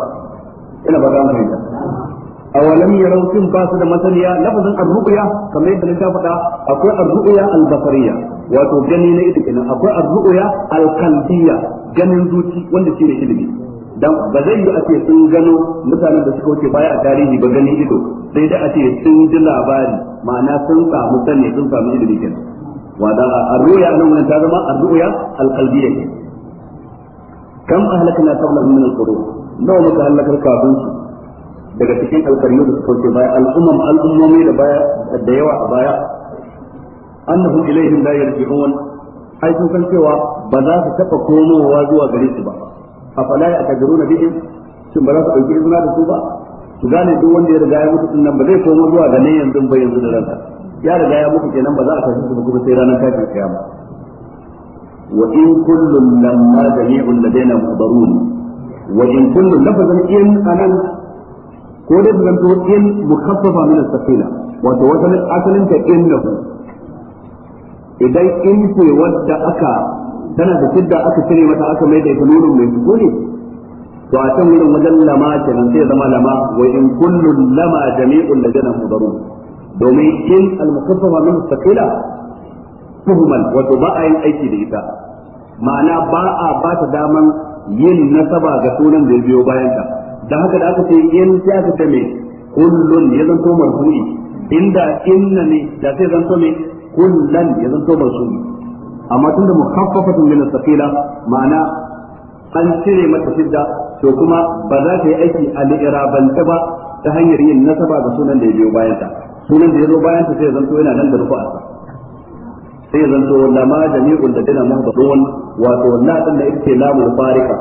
ina ba za mu fahimta awalam yarau tin ba da masaniya lafazin ar-ru'ya kamar yadda na ta faɗa akwai ar-ru'ya al-basariya wato gani na ita kenan akwai ar-ru'ya al-qalbiyya ganin zuci wanda shi ne ilimi dan ba zai yi a ce sun gano mutanen da suka wuce baya a tarihi ba gani ido sai da a ce sun ji labari ma'ana sun samu sani sun samu ilimi kenan wada ar-ru'ya nan wannan ta zama ar-ru'ya al-qalbiyya kam ahlakna qabla min al-qurun nawa muka halakar kafin su daga cikin alkaryu da suka wuce baya al'umman al'ummomi da baya da yawa a baya annahum ilaihim la yarji'un ai sun san cewa ba za su taba komowa zuwa gare su ba A afala ya tajruna bihim shin ba za su dauki izina da su ba su gane duk wanda ya riga ya mutu din nan ba zai komo zuwa ga ne yanzu ba yanzu da ranka ya riga ya mutu kenan ba za a tashi su ba kuma sai ranar kafin kiyama wa in kullun lamma jami'un ladaina muhdarun wa in kullun lafazan in anan ko da zan to in mukaffafa min as-safila wato wata asalin ta innahu idan in ce wanda aka tana da shidda aka cire mata aka mai da ita nunun mai sukuni to a can wurin wajen lama kenan sai zama lama wa in kullun lama jami'un ladana mudarun domin in al-mukaffafa min as-safila tuhuman wato ba a yin aiki da ita ma'ana ba a ba ta daman yin nasaba ga sunan da ya biyo bayan ta da haka da aka ce in sai aka ce mai kullun ya zan zanto marfu'i inda inna ne da sai zanto mai kullan ya zan zanto suni? amma tun da mukhaffafatun min gina saqila ma'ana an cire mata shidda to kuma ba za ta yi aiki a al-irabanta ba ta hanyar yin nasaba ga sunan da ya biyo bayan ta sunan da ya zo bayan ta sai ya zanto yana nan da rufa sai zanto lama jami'un da dana mahbadun wato la din da yake lamul farika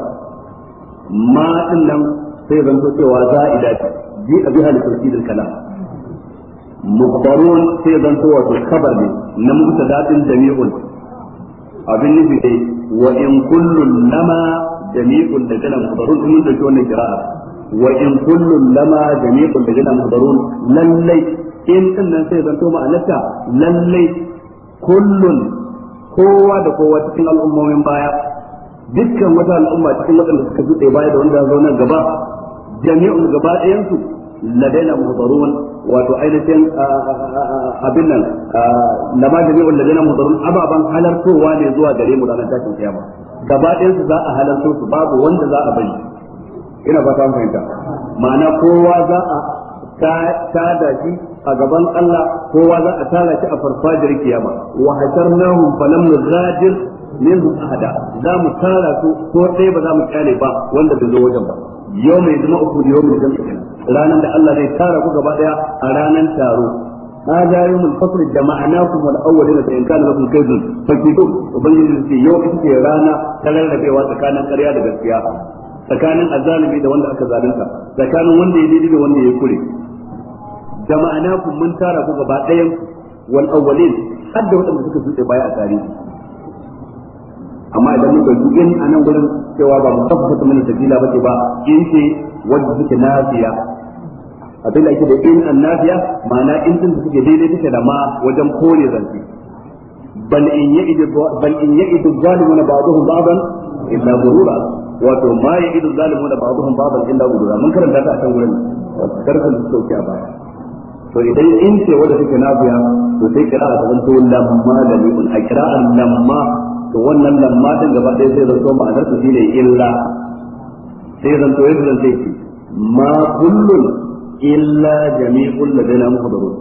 ma din nan sai zanto cewa za'ida bi biha li tawkid al kalam mukhbarun sai zanto wato khabar ne na mutadatin jami'un abin nufi dai wa in kullun lama jami'un da kana mukhbarun mun da wannan kira'a wa in kullun lama jami'un da kana mukhbarun lallai in din nan sai zanto ma'anarta lallai kullun kowa da kowa cikin al'ummomin baya dukkan wata al'umma cikin waɗanda suka zuɗe baya da wanda zauna gaba jami'un gaba ɗayan su ladaina muhdarun wato ainihin abin nan lama jami'un ladaina muhdarun ababan halartowa ne zuwa gare mu ranar tashin kiyama gaba ɗayan za a halarto su babu wanda za a bari ina ba ta fahimta ma'ana kowa za a tada shi a gaban Allah kowa za a tara shi a farfajiyar kiyama wa hasarnahum falam nuzadir minhum ahada za mu tara su ko ɗaya ba za mu kyale ba wanda bai zo wajen ba yau mai zama uku da yau mai zama kenan ranar da Allah zai tara ku gaba a ranar taro هذا يوم الفصل جمعناكم والاولين فان كان لكم كيد فكيدوا وبنجي في يوم في رانا تلربيوا tsakanin ƙarya da gaskiya tsakanin azalimi da wanda aka zalunta tsakanin wanda ya daidai da wanda ya kure jama'anakum mun tara ku gaba ɗayan wal awwalin hadda suka tsuke baya a tarihi amma idan muka yi in a nan gurin cewa ba mu tabbata mana sabila ba ce ba in ce wanda suke nafiya abin da ake da in an nafiya ma'ana in din da suke daidai take da ma wajen kore zance bal in ya'idu bal in ya'idu zalimuna ba'dhum ba'dan illa ghurura wato ma ya'idu zalimuna ba'dhum ba'dan illa ghurura mun karanta ta a kan gurin karkan su sauke a baya to idan in ce wanda suke nafiya to sai kira'a ta zanto lamma da a kira'an lamma to wannan lamma din gaba ɗaya sai zanto ma'anar su shine illa sai zanto yadda zan sai ma kullun illa jami'ul ladaina muhdarun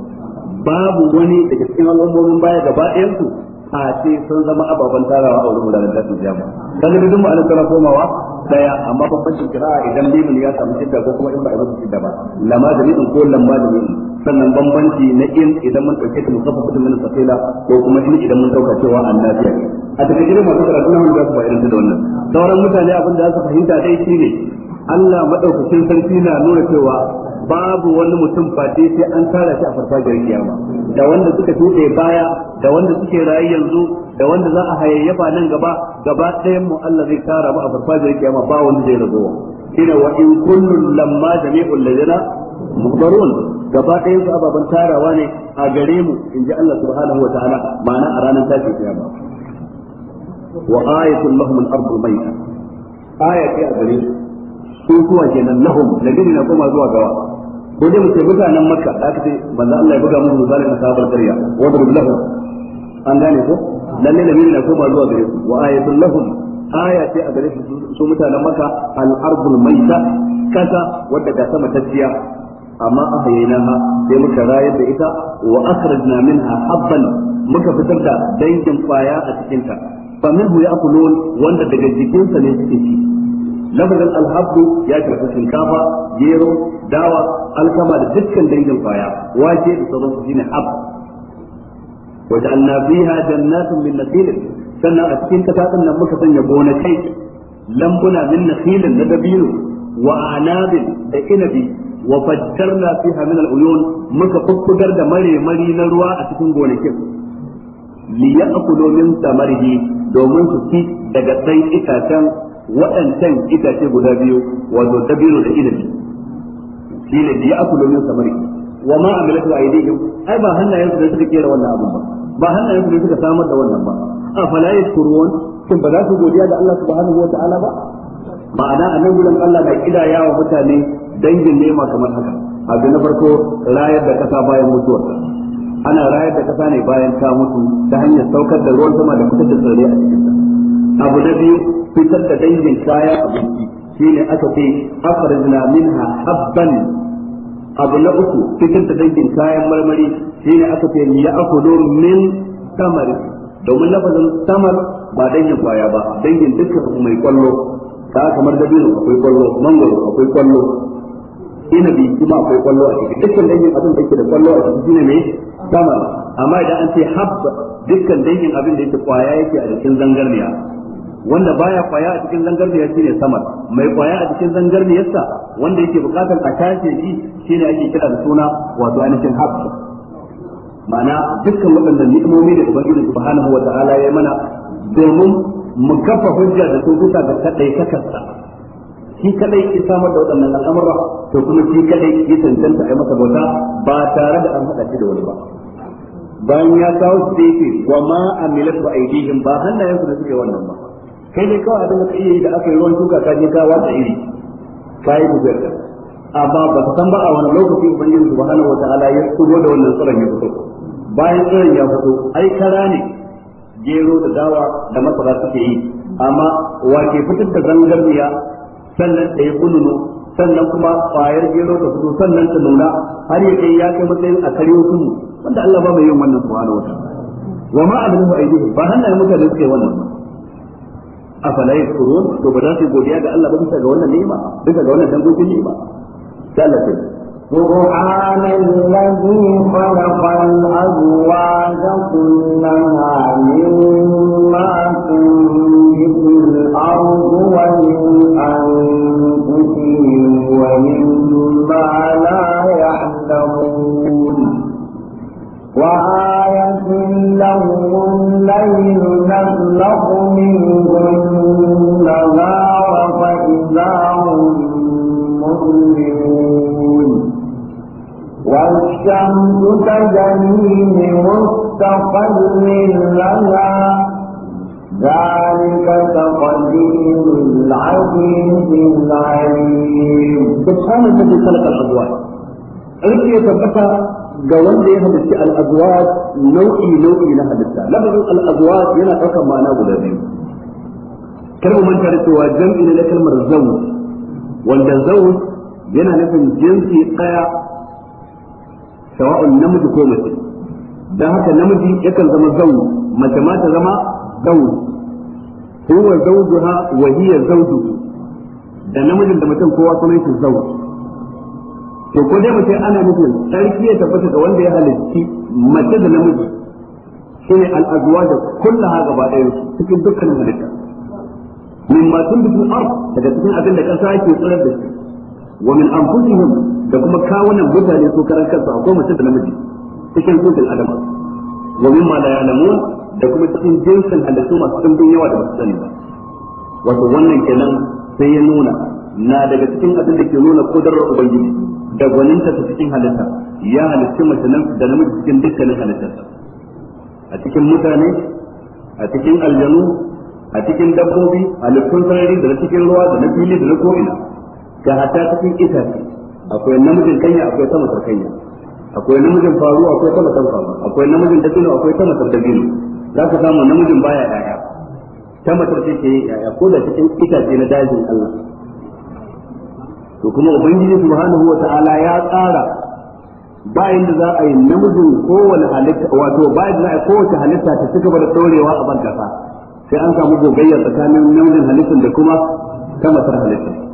babu wani daga cikin al'ummomin baya gaba ɗayan su a ce sun zama ababen tarawa a wurin gudanar da tafiya jama'a. kan da al'umma ma'anar tana komawa daya amma babban kira idan limin ya samu shidda ko kuma in ba a yi masa shidda ba lamma jami'in ko lamma jami'in sannan bambanci na in idan mun ɗauke ta musafa kudin min safila ko kuma in idan mun ɗauka cewa annabiya a daga gidan masu karatu na za su ba irin da wannan sauran mutane abin da za su fahimta dai shine Allah madaukakin sarki na nuna cewa babu wani mutum ba dai sai an tara shi a farfajiyar kiyama da wanda suka tuɗe baya da wanda suke rayu yanzu da wanda za a hayayyafa nan gaba gaba ɗayan mu Allah zai tara mu a farfajiyar kiyama ba wanda zai ragowa ina wa in kullun lamma jami'ul ladina mubarun gaba ɗayan su ababen tarawa ne a gare mu in ji Allah subhanahu wa ta'ala ma'ana a ranar ta kiyama wa ayatul lahum al-ardu mayta aya ce a gare su kuwa kenan lahum ladina na koma zuwa gawa ko dai mu ce mutanen makka da aka ce manzo Allah ya buga mu misalin sahabar karya wa darb lahum an gane ko lalle ladina na koma zuwa gare su wa ayatul lahum aya ce a gare su su mutanen makka al-ardul mayta kasa wadda ga sama tacciya amma ahyaynaha sai muka rayar da ita wa akhrajna minha habban muka fitar da dangin kwaya a cikin ta fa minhu ya'kulun wanda daga jikinsa sa ne suke ci lafazin alhabbu ya karɓi shinkafa gero dawa alkama da dukkan dangin kwaya wake da sauran su shine hab wa ja'alna fiha jannatin min nakhil sannan a cikin kasa din nan muka sanya gonakai lambuna min nakhilin na dabino wa anabin da inabi wa fajjarna fiha min al-uyun muka fuffugar da mare mari na ruwa a cikin gonakin li ya'kulu samarihi domin su ci daga sai itacen waɗancan itace guda biyu wato dabiru da inabi shi ne li samarihi wa ma ba hannayen su da suka kera wannan abun ba ba hannayen su da suka samar da wannan ba afala yashkurun kin ba za su godiya da Allah subhanahu wa ba ma'ana a nan gudan Allah na kidaya wa mutane dangin nema kamar haka abu na farko rayar da kasa bayan mutuwa, ana rayar da kasa ne bayan ta mutu ta hanyar saukar da ruwan sama da kusa da tsare a cikinsa abu na biyu fitar da dangin kayan abinci shine aka ce akhrijna minha habban abu na uku fitar da dangin kayan marmari shine aka ce liya'kulu min tamari domin lafazin tamar ba dangin kwaya ba dangin dukkan mai kwallo ta kamar dabino akwai kwallo mangoro akwai kwallo inabi kuma akwai kwallo a ciki dukkan dangin abin da yake da kwallo a ciki shine mai samar amma idan an ce habba dukkan dangin abin da yake kwaya yake a cikin zangarniya wanda baya kwaya a cikin zangarniya shine samar mai kwaya a cikin zangarniyarsa wanda yake bukatar a tace shi shine ake kira da suna wato ainihin habba ma'ana dukkan waɗannan ni'imomi da ubangiji subhanahu wa ta'ala ya mana domin mu kafa hujja da su bisa da kadai kakarsa shi kadai ke samar da waɗannan al'amura to kuma shi kadai ke tantanta a masa bauta ba tare da an haɗa shi da wani ba bayan ya kawo su da wa ma amilat ba aidihim ba hannayensu da suke wannan ba kai ne kawai abin da ka iya yi da aka yi ruwan shuka ka je ka watsa iri ka yi bugiyar da amma ba ka san ba a wani lokaci ubangiji subhanahu ta'ala ya tsoro da wannan tsaron ya fito bayan tsaron ya fito ai kara ne gero da dawa da masara suke yi amma wa ke fitar da zangarniya sannan ta yi kululu sannan kuma kwayar gero ta fito sannan ta nuna har ya kai ya kai matsayin a kare wasu wanda Allah ba mai yin wannan subhanahu wa ta'ala wa ma abduhu aidihi ba hannayen mutane suke wannan A falai yashkurun to ba za su godiya ga Allah ba bisa ga wannan ni'ima bisa ga wannan dangogin ni'ima sai Allah سبحان الذي خلق الأزواج كلها مما تنبت الأرض ومن أنفسهم ومما لا يعلمون وآية لهم الليل نخلق منه النهار والشمس تجري لمستقر لها ذلك تقدير العزيز العليم سبحانه الذي خلق الأزواج ألقي يتبقى جوان ليها بس الأزواج نوعي نوعي لها بس لفظ الأزواج يلا أكا ما نقول لهم كلمة من كانت هو جمع لكلمة الزوج والزوج yana nufin jinsi ɗaya sawa'un namiji ko mace dan haka namiji yakan zama zau mace ma ta zama zau huwa zawjuha wa hiya zawjuhu da namijin da mutum kowa sunan shi zau to ko dai mace ana nufin sarki ya tabbata ga wanda ya halitti mace da namiji shine al-azwaj kullaha gaba ɗaya cikin dukkanin halitta min ma tun bisu ar daga cikin abin da kasa yake tsirar da shi wa min anfusihim da kuma kawunan mutane su karan kansu akwai da namiji cikin kudin adama wa mimma la ya'lamun da kuma cikin jinsin halittu masu dimbin yawa ba su sani ba wato wannan kenan sai ya nuna na daga cikin abin da ke nuna kudurar ubangiji da gwaninta cikin halitta ya halitta mace da namiji cikin dukkanin halittarsa a cikin mutane a cikin aljanu a cikin dabbobi halittun sarari da na cikin ruwa da fili da na ko'ina ga hatta cikin itace akwai namijin kanya akwai sama sarkanya akwai namijin faru akwai sama san faru akwai namijin dabino akwai sama san dabino za ka samu namijin baya yaya ta matar ce ke yaya ko da cikin itace na dajin Allah to kuma ubangiji subhanahu wa ta'ala ya tsara bayan da za a yi namijin kowane halitta wato bayan da za a yi kowace halitta ta cika da dorewa a gasa sai an samu gogayya tsakanin namijin halittar da kuma ta matar halittar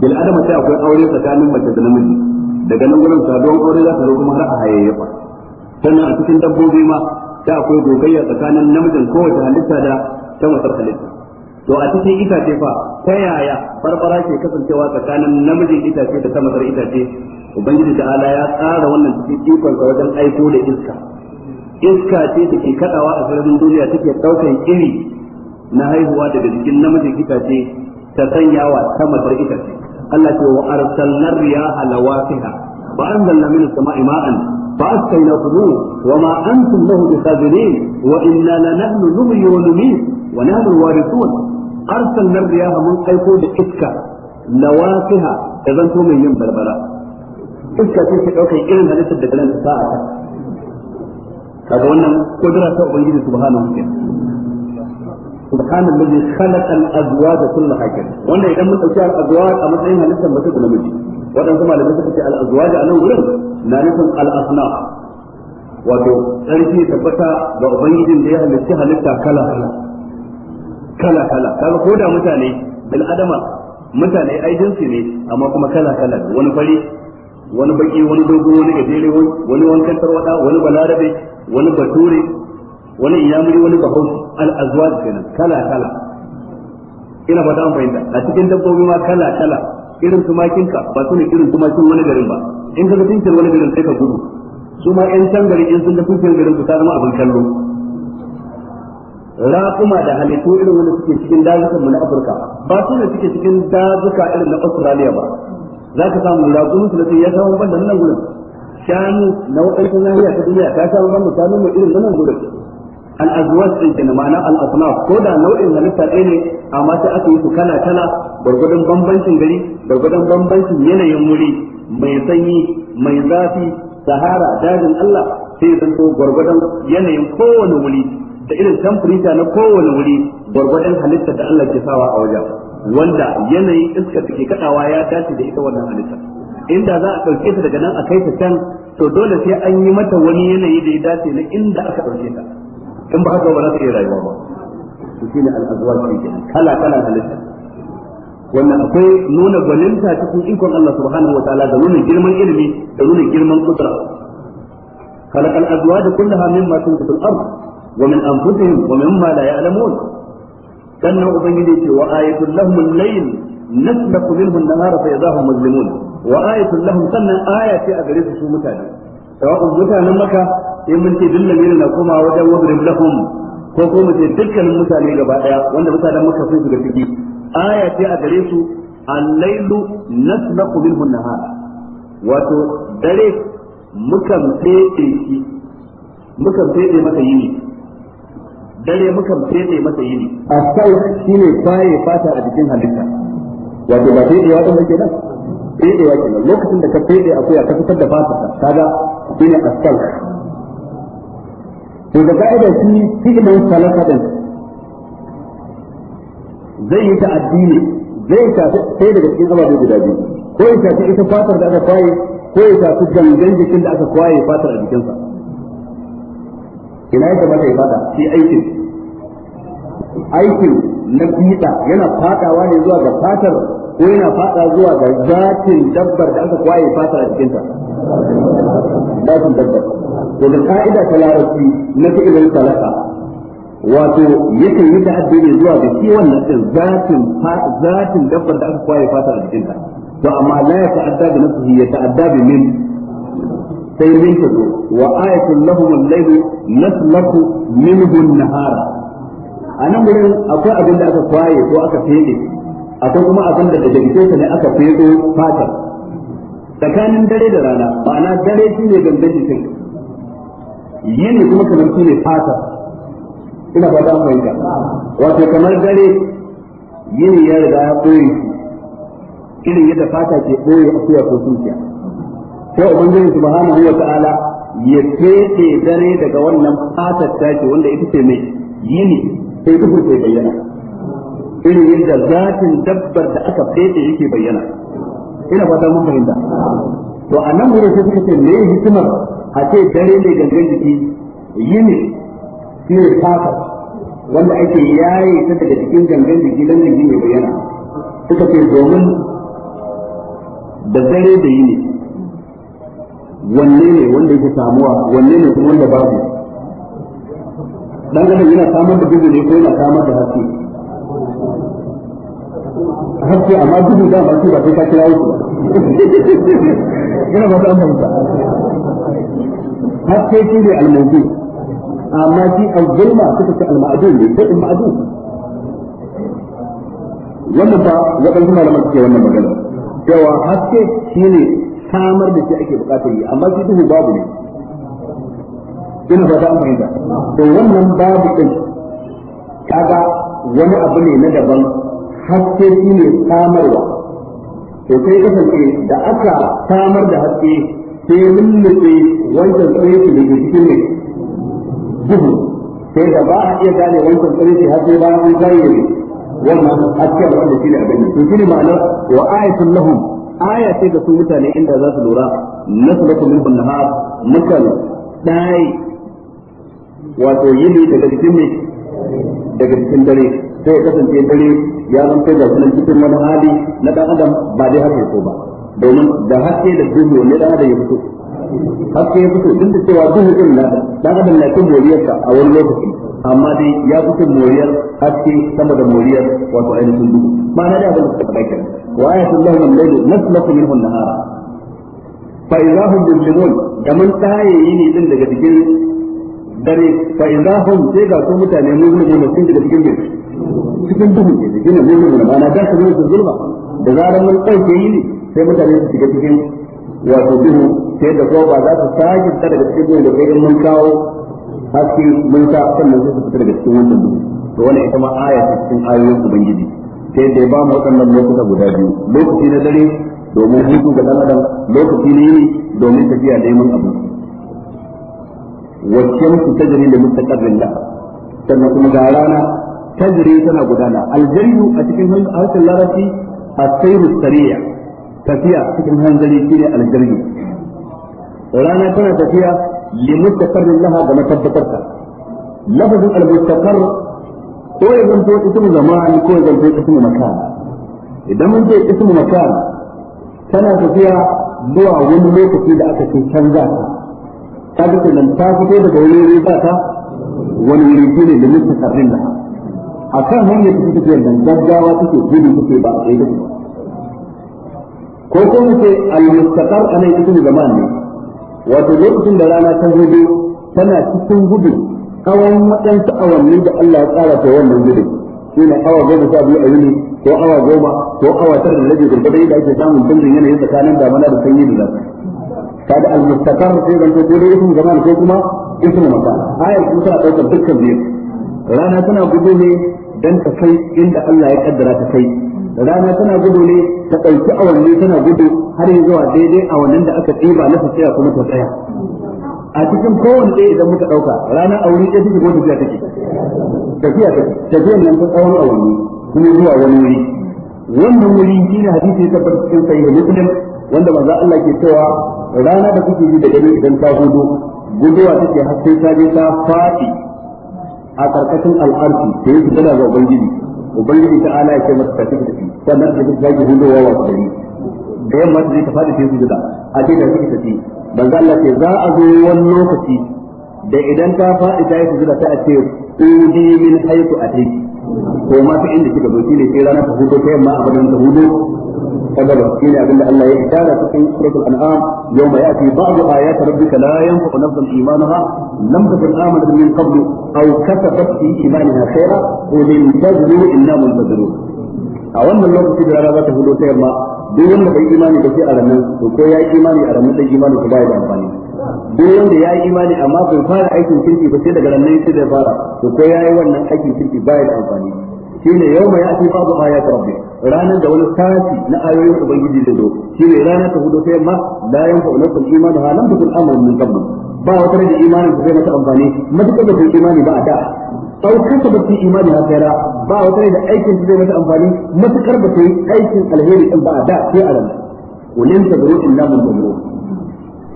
bil adama sai akwai aure tsakanin mace da namiji daga nan gurin saduwan aure za ta zo kuma har a ba, sannan a cikin dabbobi ma sai akwai gogayya tsakanin namijin kowace halitta da ta matar halitta to a cikin itace fa ta yaya farfara ke kasancewa tsakanin namijin itace da ta matar itace ubangiji da ala ya tsara wannan cikin ikonsa wajen aiko da iska iska ce da ke kadawa a sararin duniya take daukan iri na haihuwa daga jikin namijin itace ta sanyawa ta matar itace Allah ce wa arsalna riyaha lawafiha fa anzalna min as-sama'i ma'an fa asqaynakum wa ma antum lahu biqadirin wa inna lanahnu nuhyi wa numiit wa nahnu arsalna riyaha mun aiko da iska lawafiha idan to mai yin barbara iska ce ke daukar irin halittar da ganin ta sa'a kaga wannan kudura ta ubangiji subhanahu wa ta'ala subhanallazi khalaqa al-azwaj kullaha kin wanda idan mun dauki al a matsayin halittar mace da namiji wadansu malamai suka ce al-azwaj nan wurin na nufin al wato sarki tabbata ga ubangijin da ya halitta halitta kala kala kala kala kaga ko da mutane bil adama mutane ai ne amma kuma kala kala wani fari wani baki wani dogo wani gajere wani tarwada wani balarabe wani bature wani iyamuri wani bahaushe al-azwaj kenan kala kala ina ba an fahimta a cikin dabbobi ma kala kala irin tumakinka ba su ne irin tumakin wani garin ba in ka ga tunkiyar wani garin sai ka gudu su ma yan can gari in sun ga tunkiyar garin su ta zama abin kallo raƙuma da halittu irin wanda suke cikin dazukan mu na Afirka ba su ne suke cikin dazuka irin na Australia ba za ka samu raƙumin su da ya kawo ban nan gurin shanu na waɗansu nahiya ta duniya ta kawo ban da shanu mu irin nan gurin Al'azuwa azwaj din kenan ma'ana al ko da nau'in halitta ɗaya ne amma sai aka yi su kala kala gwargwadon bambancin gari gwargwadon bambancin yanayin wuri mai sanyi mai zafi sahara dajin Allah sai ya zanto gwargwadon yanayin kowane wuri da irin temperature na kowane wuri gwargwadon halitta da Allah ke sawa a wajen wanda yanayin iska take kadawa ya dace da ita wannan halitta inda za a ɗauke ta daga nan a kai ta can to dole sai an yi mata wani yanayi da ya dace na inda aka ɗauke ta in ba haka ba za ta iya rayuwa ba to shine al'azwar ke kenan kala kala halitta wannan akwai nuna gwaninta cikin ikon Allah subhanahu wa ta'ala da nuna girman ilimi da nuna girman kudura خلق الأزواج كلها مما تنبت الأرض ومن ce, ومما لا يعلمون كان أبنجي وآية لهم الليل نسلك منه النهار فإذا هم مظلمون وآية لهم سنة آية أدريس سو متاني سواء mutanen maka. in mun ce dillan yana na kuma wajen wadrib lahum ko ko mu ce dukkanin mutane gaba daya wanda mutanen muka sun ga ciki aya ce a gare su al-lailu naslaqu minhu an-nahar wato dare mukan fete shi mukan fete masa yini dare mukan fete masa yini asai shine kwaye fata a jikin halitta wato ba fete ya kuma kenan fete ya kenan lokacin da ka fete akuya ka fitar da fata kaga shine asai to da ka'ida shi fi'ilin salaka din zai yi ta addini zai shafi sai daga cikin ababe guda biyu ko ya tafi ita fatar da aka kwaye ko ya tafi gangan jikin da aka kwaye fatar a jikinsa ina ya mata ya fada shi aikin aikin na fiɗa yana fadawa ne zuwa ga fatar ko yana fada zuwa ga zatin dabbar da aka kwaye fatar a jikinta zatin dabbar daga ka'ida ta larabci na fi'ilin salaka wato yake yi ta'addi ne zuwa da shi wannan ɗin zatin zatin dabbar da aka kwaye fata a jikinta to amma la ya ta'adda bi nafsihi ya ta'adda bi min sai min ta zo wa ayatul lahum al-layl naslaku minhu an-nahara anan gurin akwai abin da aka kwaye ko aka fede akwai kuma abin da daga jikinsa ne aka fedo fata tsakanin dare da rana ma'ana dare shine gangan jikin yini kuma kamar shi ne fata ina fata an fahimta wato kamar dare yini ya riga ya ɓoye shi irin yadda fata ke ɓoye a kuwa ko zuciya sai ubangiji subhanahu wa ta'ala ya fete dare daga wannan fatar tashi wanda ita ce mai yini sai duhu sai bayyana irin yadda zatin dabbar da aka fete yake bayyana ina fata mun fahimta to a nan wurin sai suka ce me hikimar a ce dare ne gangan jiki yini shi ne fata wanda ake yaye ta daga cikin gangan jiki don jiki mai bayyana suka ce domin da dare da yini wanne ne wanda yake samuwa wanne ne kuma wanda babu dan adam yana samar da duhu ne ko yana samar da haske haske amma duhu da ba shi ba sai ka kira wuce ba ba ta amfani haske shi ne almaudu amma shi al-zulma suka ce al ne sai al-ma'dun wannan ba waɗansu malaman suke wannan magana cewa haske shi ne samar da shi ake bukatar yi amma shi duhu babu ne ina ba ta amfani da to wannan babu din kaga wani abu ne na daban haske shi ne samarwa to sai kasance da aka samar da haske sai lullufe wancan tsareci da ke cikin ne duhu sai da ba a iya gane wancan tsareci har sai bayan an gane ne wannan askiyar wanda shi ne abin to shi ne ma'anar wa ayatul lahum aya ce da su mutane inda za su lura nasalatu min nahar mukan dai wato yini daga cikin ne daga cikin dare sai kasance dare ya zama da sunan cikin wani hali na dan adam ba dai haka ko ba domin da haske da duhu ne da adam ya fito haske ya fito duk da cewa duhu din na da adam na cin ka a wani lokaci amma dai ya fito moriyar haske sama da moriyar wato ainihin duhu na da abin da suka bayyana wa ayatul lahu min layli naslaku minhu an-nahara fa idza hum mujrimun da mun taye yini din daga cikin dare fa idza hum sai ga su mutane mun sun daga cikin dare cikin duhu ne cikin mujrimun na da su ne zulma da zaran mun dauke yini sai mutane su shiga cikin wato duhu sai da kuma ba za su sake fita daga cikin duhu da kai mun kawo haske mun sa sannan sai su fita daga cikin wannan duhu to wannan ita ma aya ta cikin ayoyin ubangiji sai da ba mu waɗannan lokuta guda biyu lokaci na dare domin hutu ga dan adam lokaci ne domin tafiya neman abu wacce mutu jari da mustaqarrin da sannan kuma ga rana jari tana gudana aljariyu a cikin harshen larabci a sai sariya tafiya cikin hanzari shi ne aljarbi rana tana tafiya limustaqarrin laha ga matabbatarta lafazin almustaqar ko ya zanto ismu zaman ko ya zanto ismu makan idan mun ce ismu makan tana tafiya zuwa wani lokaci da aka ce canza ta ta duka nan ta fito daga wani wuri ba ta wani wuri shine limustaqarrin laha akan hanyar da take tafiya dan gaggawa take gudu take ba a tsaye da ba ko ko muke al-mustaqar anan cikin zaman ne wato lokacin da rana ta gudu tana cikin gudu tsawon ta awanni da Allah ya tsara ta wannan gudu shine awa goma sabu biyu a yini ko awa goma ko awa tara da rabi gurgurda yadda ake samun canjin yanayin tsakanin damana da sanyi da zafi kaga al-mustaqar sai zan ko da ismu zaman ko kuma ismu makan ayar kuma tana daukar dukkan biyu rana tana gudu ne dan ta kai inda Allah ya kaddara ta kai rana tana gudu ne ta ɗauki awanni tana gudu har yi zuwa daidai awannin da aka ɗiba na tafiya kuma ta tsaya a cikin kowane ɗaya idan muka ɗauka rana a wuri ɗaya take ko tafiya take tafiya take tafiya nan ta tsawon awanni kuma zuwa wani wuri wannan wuri shi ne hadisi ya tabbata cikin sahihu muslim wanda manzo Allah ke cewa rana da kuke yi da dare idan ta hudu guduwa take har sai ta ta faɗi a ƙarƙashin al'arfi da yake tana ga ubangiji ubangiji ta ala ya ce masa tafi tafi sannan ta duk zaki hudowa wa gari da yamma da ta fadi sai su da a ce da tafi tafi manzo Allah ce za a zo wani lokaci da idan ta fadi ta yi sujuda ta a ce udi min haythu atayki ko ma ta inda kika zo shine sai rana ta hudo ta yamma a badan ta hudo فضل ya أبن الله يحتال في سورة الأنعام يوم يأتي بعض آيات ربك لا ينفع نفسا إيمانها لم تكن آمنت من قبل أو كسبت في إيمانها خيرا وللبذل إنا منبذلون a wannan lokaci da rana za ta hudo ta yamma duk wanda bai imani da shi a ranar to ko ya yi imani a da amfani duk wanda ya yi imani amma bai fara aikin kirki ba sai daga ranar sai da fara to sai ya yi wannan aikin kirki ya da amfani shine yawma ya'ti ba'd ayati rabbik ranar da wani sashi na ayoyin ubangiji zai zo shine ranar ta hudu sai ma la ka nafsan imanu ha lam takun amalan min qabl ba wata da imanin da zai mata amfani matukar da kai imani ba a da aw kasabat fi imani ha kaira ba wata da aikin da zai mata amfani matukar da kai aikin alheri din ba a da sai a ran ulin tabru illa man tabru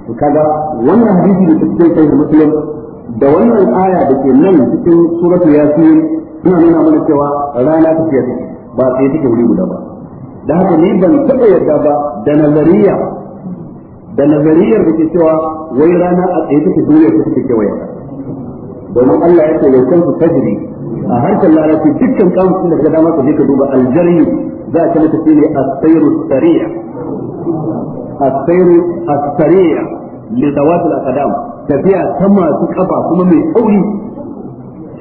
to kaga wannan hadisi da take kai muslim da wannan aya da ke nan cikin suratul yasin ina nuna mana cewa rana tafiya take ba sai take wuri guda ba da haka ni ban taɓa yadda ba da nazariya da nazariyar da ke cewa wai rana a tsaye take duniya ta take kewaye domin Allah ya ce ya san su tajri a harkar larabci dukkan kamusin da ka dama ka je ka duba aljariyu za ka mata shine as-sayru sariya as-sayru as-sariya li dawat al-aqdam tafiya ta masu kafa kuma mai tsauri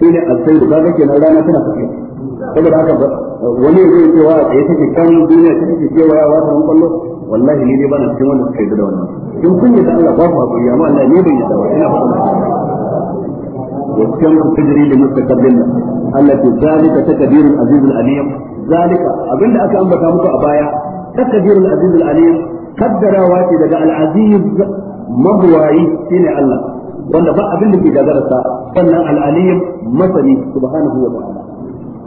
ne al Ba kaga kenan rana tana tafiya saboda haka wani zai ce wa tsaye take kan duniya take kewayawa ta kwallo wallahi ni ne bana cikin wanda suka yi da wannan in kun yi da Allah ba ku hakuri amma Allah ne bai yi da wannan ina faɗa Zalika, تجري لمستقر لنا التي ذلك تكبير العزيز العليم ذلك أبن أكا أنبتا مكو أبايا تكبير العزيز العليم قدر واتي لدى العزيز مبواي سين الله وأن بقى أبن لكي جازرتا وأن العليم masani subhanahu wa ta'ala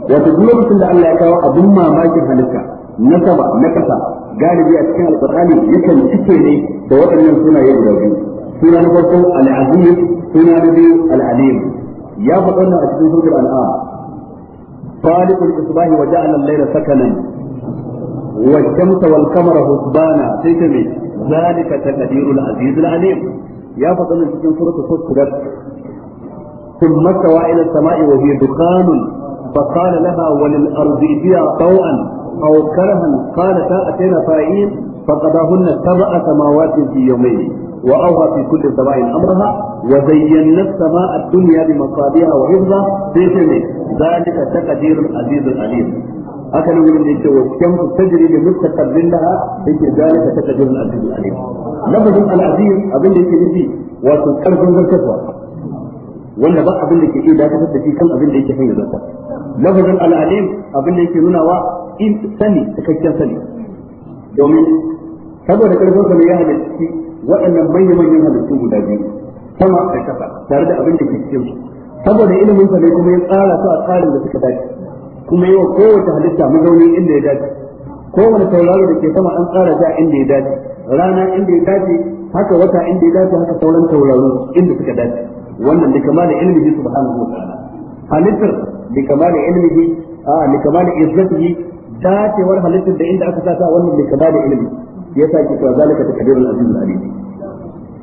wato duk lokacin da Allah ya kawo abin mamakin halitta na sama na kasa galibi a cikin alqur'ani yakan cike ne da waɗannan sunaye guda biyu suna na farko al-azim suna na biyu al-alim ya faɗa wannan a cikin surah al-an'am خالق الإصباح وجعل الليل سكنا والشمس والقمر حسبانا سيتمي ذلك تقدير العزيز العليم Ya فضل cikin suratul fussilat ثم استوى إلى السماء وهي دخان فقال لها وللأرض فيها طوعا أو كرها قالتا أتينا فائين فقضاهن سبع سماوات في يومين وأوهى في كل سماء أمرها وزينا السماء الدنيا بمصابيها وحفظها في سنه ذلك تقدير العزيز العليم أكل من يجي والشمس تجري بمستقر لها ذلك تقدير العزيز العليم لفظ العزيز أبن يجي وتكرر الكفر wanda ba abin da ke iya dakatar da shi kan abin da yake son ya zarta lafazin al'alim abin da yake nuna wa in sani cikakken sani domin saboda karfin sa ne ya halarci waɗannan manyan manyan halittu guda biyu sama da kasa tare da abin da ke cikin su saboda ilimin sa ne kuma ya tsara su a tsarin da suka dace kuma yi wa kowace halitta mazaunin inda ya dace kowane tauraro da ke sama an tsara a inda ya dace rana inda ya dace haka wata inda ya dace haka sauran tauraro inda suka dace wannan da kamalin ilmihi subhanahu wa ta'ala halittar da kamalin ilmihi a da kamalin izzatihi dacewar halittar da inda aka sa ta wannan da kamalin ilmi yasa ki cewa zalika takdirul aziz alim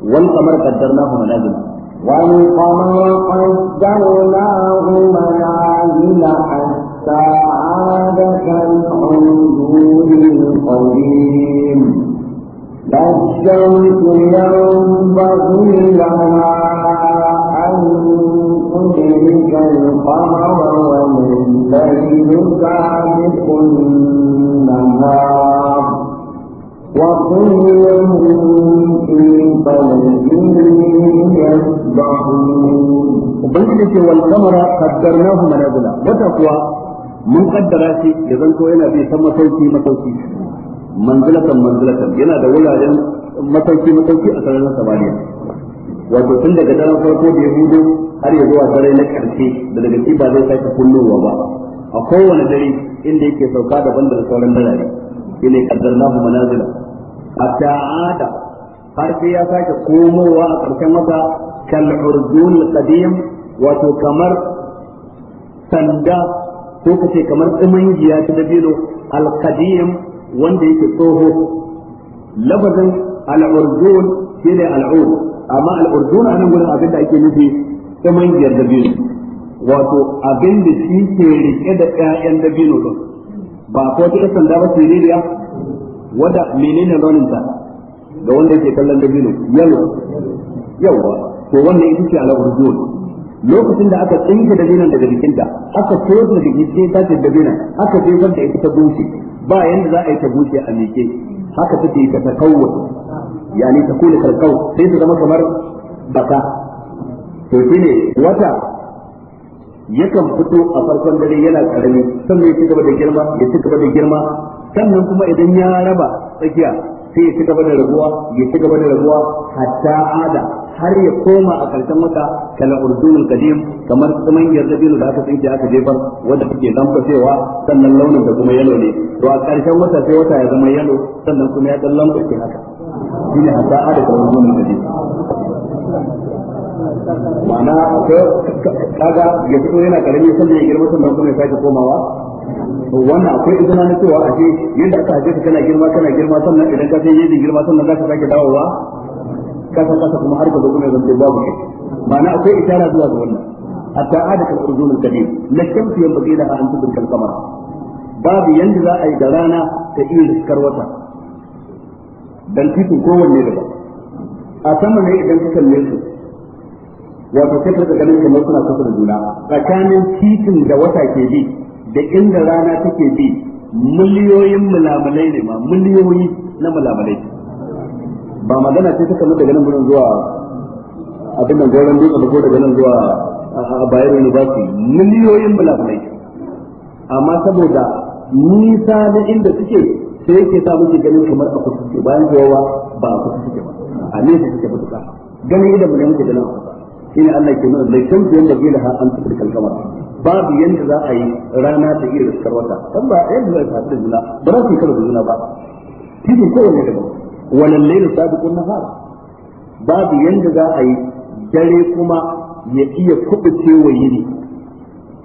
wal qamar qaddarnahu manazil والقمر قدرناه منازل حتى عاد كالعندود القديم لا الشمس ينبغي لها مدرك القمر والليل سابق النهار وكلهم في فلك يسبحون ubangiji ce wal qamara qaddarnahu manazila wata kuwa mun kaddara shi ya zanto yana bi san masauki masauki manzilatan manzilatan yana da wuraren masauki masauki a sararin samaniya wato tun daga daren farko da hudu har ya zuwa dare na karshe da daga ci ba zai sake kullowa ba a kowane dare inda yake sauka daban da sauran dare shine qaddarnahu manazila hatta ada har sai ya sake komowa a karshen wata kal urdun qadim wato kamar sanda ko kace kamar tsimangiya ta dabino al qadim wanda yake tsoho lafazin al urdun shine al urdun amma al-urdun anan gurin abinda ake nufi kamar dabino wato abin da shi ke rike da ƴaƴan dabino din ba ko ta sanda ba ce riya wada menene launin ta ga wanda yake kallon dabino yalo yawa to wannan ita ce al lokacin da aka tsinke dabinon daga jikinta aka tsoro daga jikin ta ce dabinon aka jefar da ita ta bushe ba yanda za a yi ta bushe a miƙe haka take ta takawwa yani ta kula kalkau sai su zama kamar baka to ne wata yakan fito a farkon dare yana karami sannan ya ci gaba da girma ya ci gaba da girma sannan kuma idan ya raba tsakiya sai ya ci gaba da rabuwa ya ci gaba da rabuwa hatta ada har ya koma a karshen wata kala urdunul qadim kamar kuma yar dabino da aka tsinke aka jefar wanda take lambacewa sannan launin da kuma yalo ne to a karshen wata sai wata ya zama yalo sannan kuma ya dan lambace haka shi ne a ada ka wani wannan hadisi ma'ana kaga ya fito yana karami sanda ya girma sannan kuma ya sake komawa wannan akwai izina na cewa a ce yadda aka haife ka kana girma kana girma sannan idan ka sai yadda girma sannan za ka sake dawowa kasa kasa kuma har ka zo kuma ya zanto babu kai ma'ana akwai isara zuwa ga wannan hatta ada ka urzun al-kadim la shamsu yanbaghi laha an tudrika al-qamara babu yanda za a yi da rana ta iya riskar wata dan titin kowanne daban a sama ne idan ka kalle su wato sai ka ganin kamar suna kusa da juna tsakanin titin da wata ke bi da inda rana take bi miliyoyin mulamalai ne ma miliyoyi na mulamalai ba magana ce ta kamar daga nan gurin zuwa abin nan gauran duka da ko daga nan zuwa a bayan university miliyoyin mulamalai amma saboda nisa da inda suke sai yake sa muke ganin kamar a kusa suke bayan kowa ba a kusa suke ba a nesa suke mutuka ganin idan mu ne muke ganin a kusa shine Allah ke nuna mai kan biyan da gila ha an tafi kalkamar babu yadda za a yi rana ta iya riskar wata dan ba yanda za a tafi da juna ba za su karo da juna ba titin kowanne daban wannan lailu na nahar babu yadda za a yi dare kuma ya iya kubuce cewa yini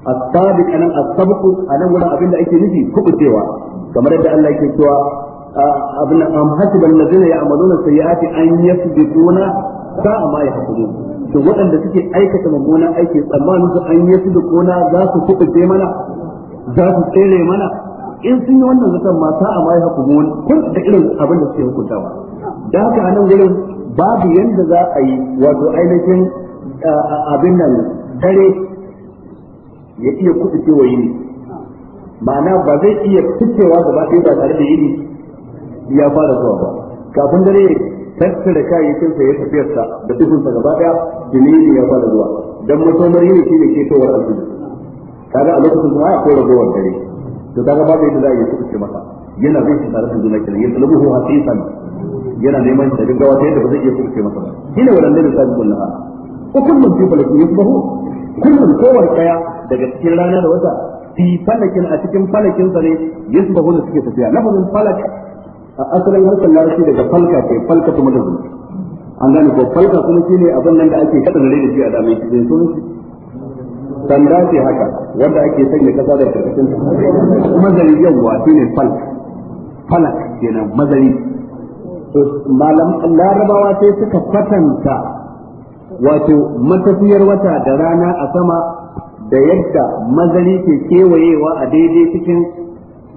a sabi sabiq a sabu a nan wannan abin da ake nufi cewa. kamar yadda Allah yake cewa ah, abin am hasiban ladina ya'maluna sayyi'ati an yasbiquna sa'a ma yahsabun to waɗanda suke aikata mummunan aiki tsammanin su an yasbiquna za su kuɓuce mana za su tsere mana in sun yi wannan zaton ma sa'a ma yahsabun kun da irin abin da suke hukunta ba. da haka a nan gurin babu yanda za a yi wato ainihin ah, abin nan dare ya iya kuɗi cewa yini ma'ana ba zai iya fitewa gaba ɗaya ba tare da yini ya fara zuwa ba kafin dare tattara kayayyakin sa ya sa da dukkan sa gaba ɗaya jini ya fara zuwa dan mutumar yini shi ne ke towar aljihu kaga a lokacin kuma ya kora gowar dare to kaga ba zai za a yi maka yana zai shi tare da juna kenan ya talabuhu hasisan yana neman da gawa ta yadda ba zai iya kuɗi maka ba shine wannan ne da sabbin laha ko kullum fi falakin yusbahu kullum kowar kaya daga cikin rana da wata fi falakin a cikin falakin sa ne yasbahu da suke tafiya lafazin falak a asalin harkar larabci daga falka ke falka kuma da zuci an gane ko falka kuma ne abin nan da ake kada da shi a dame shi sai sunan shi sanda ce haka wanda ake sanya kasa da karkashin mazari yawa shine falk falak kenan mazari malam larabawa sai suka kwatanta wato matafiyar wata da rana a sama da yadda mazari ke kewayewa a daidai cikin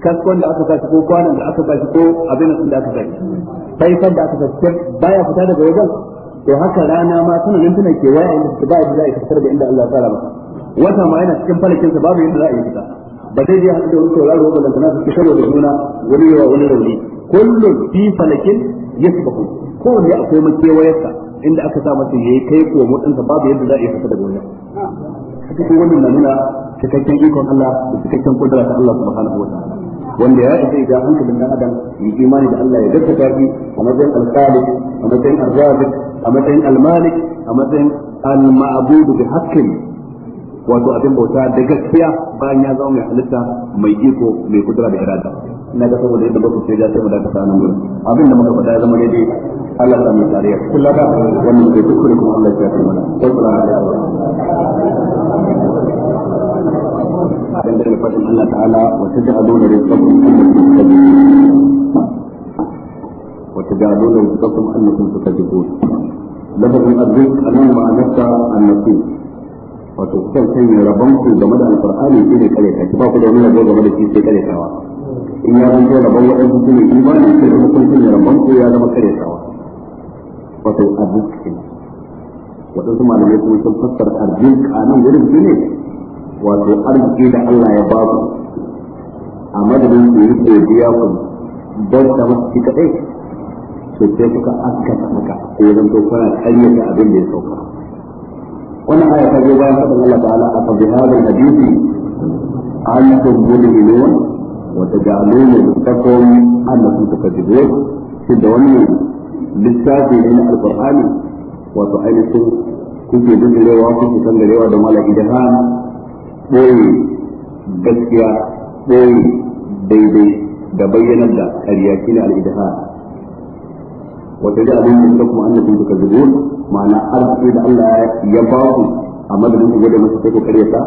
kaskon da aka sashi ko kwanan da aka sashi ko abin da aka sashi faifar da aka sashi baya fita daga wajen to haka rana ma tana nan tana kewaye inda ba yadda za a fitar da inda Allah ya tsara ba. wata ma yana cikin falakin sa babu yadda za a yi fita ba zai je haɗu da wani sauraro ba lantana su fitar da juna wani yawa wani rauni kullum fi falakin ya yasbahu kowanne akwai makewayarsa inda aka sa masa yayi kai ko mutunta babu yadda za a yi fita daga wajen duk wannan na nuna cikakken ikon Allah da cikakken kudura ta Allah subhanahu wataala wanda ya isa ga hankalin dan adam yi imani da Allah ya gaskata shi a matsayin al-khaliq a matsayin ar a matsayin al a matsayin al bi haqqin wato abin bauta da gaskiya bayan ya zama mai halitta mai iko mai kudura da irada ina ga saboda yadda ba ku sai ya sai mu da ka sanan gurin abin da muka faɗa ya zama daidai Allah ta mai dariya kullum ba wannan zai duk kuma Allah ya tafi mana sai kula da Allah dan da fadin Allah ta'ala wa taj'aluna rizqakum annakum tukadzibun wa taj'aluna rizqakum annakum tukadzibun lafazin arzik anan ma'anarsa annakum wato kusan sanya rabon ku game da alqur'ani shine kare ta ba ku da wani rabo game da shi sai kare tawa in ya zanto rabon waɗansu shine imani sai da hukuncin rabon ku ya zama kare tawa wato arzik kenan waɗansu malamai kuma sun fassara arzik a nan wurin su ne wato arziki da Allah ya ba ku a madadin su yi godiya ku bauta ta shi kaɗai to sai kuka askata haka ko zan to kana ƙaryata abin da ya sauka wannan aya ta zo bayan faɗin Allah ta'ala a fa bihadal hadisi antum mudminun wa taj'aluna taqum annakum tukadzibun shi da wannan littafi ne na alqur'ani wato ainihin kuke dindirewa kuke sangarewa da malaki da ha boye gaskiya boye daidai da bayyanar da ƙarya shine al-idhar wata da abin da kuma an annabi suka zubo ma'ana arziki da Allah ya ba ku a madadin ku gode masa sai ku karyata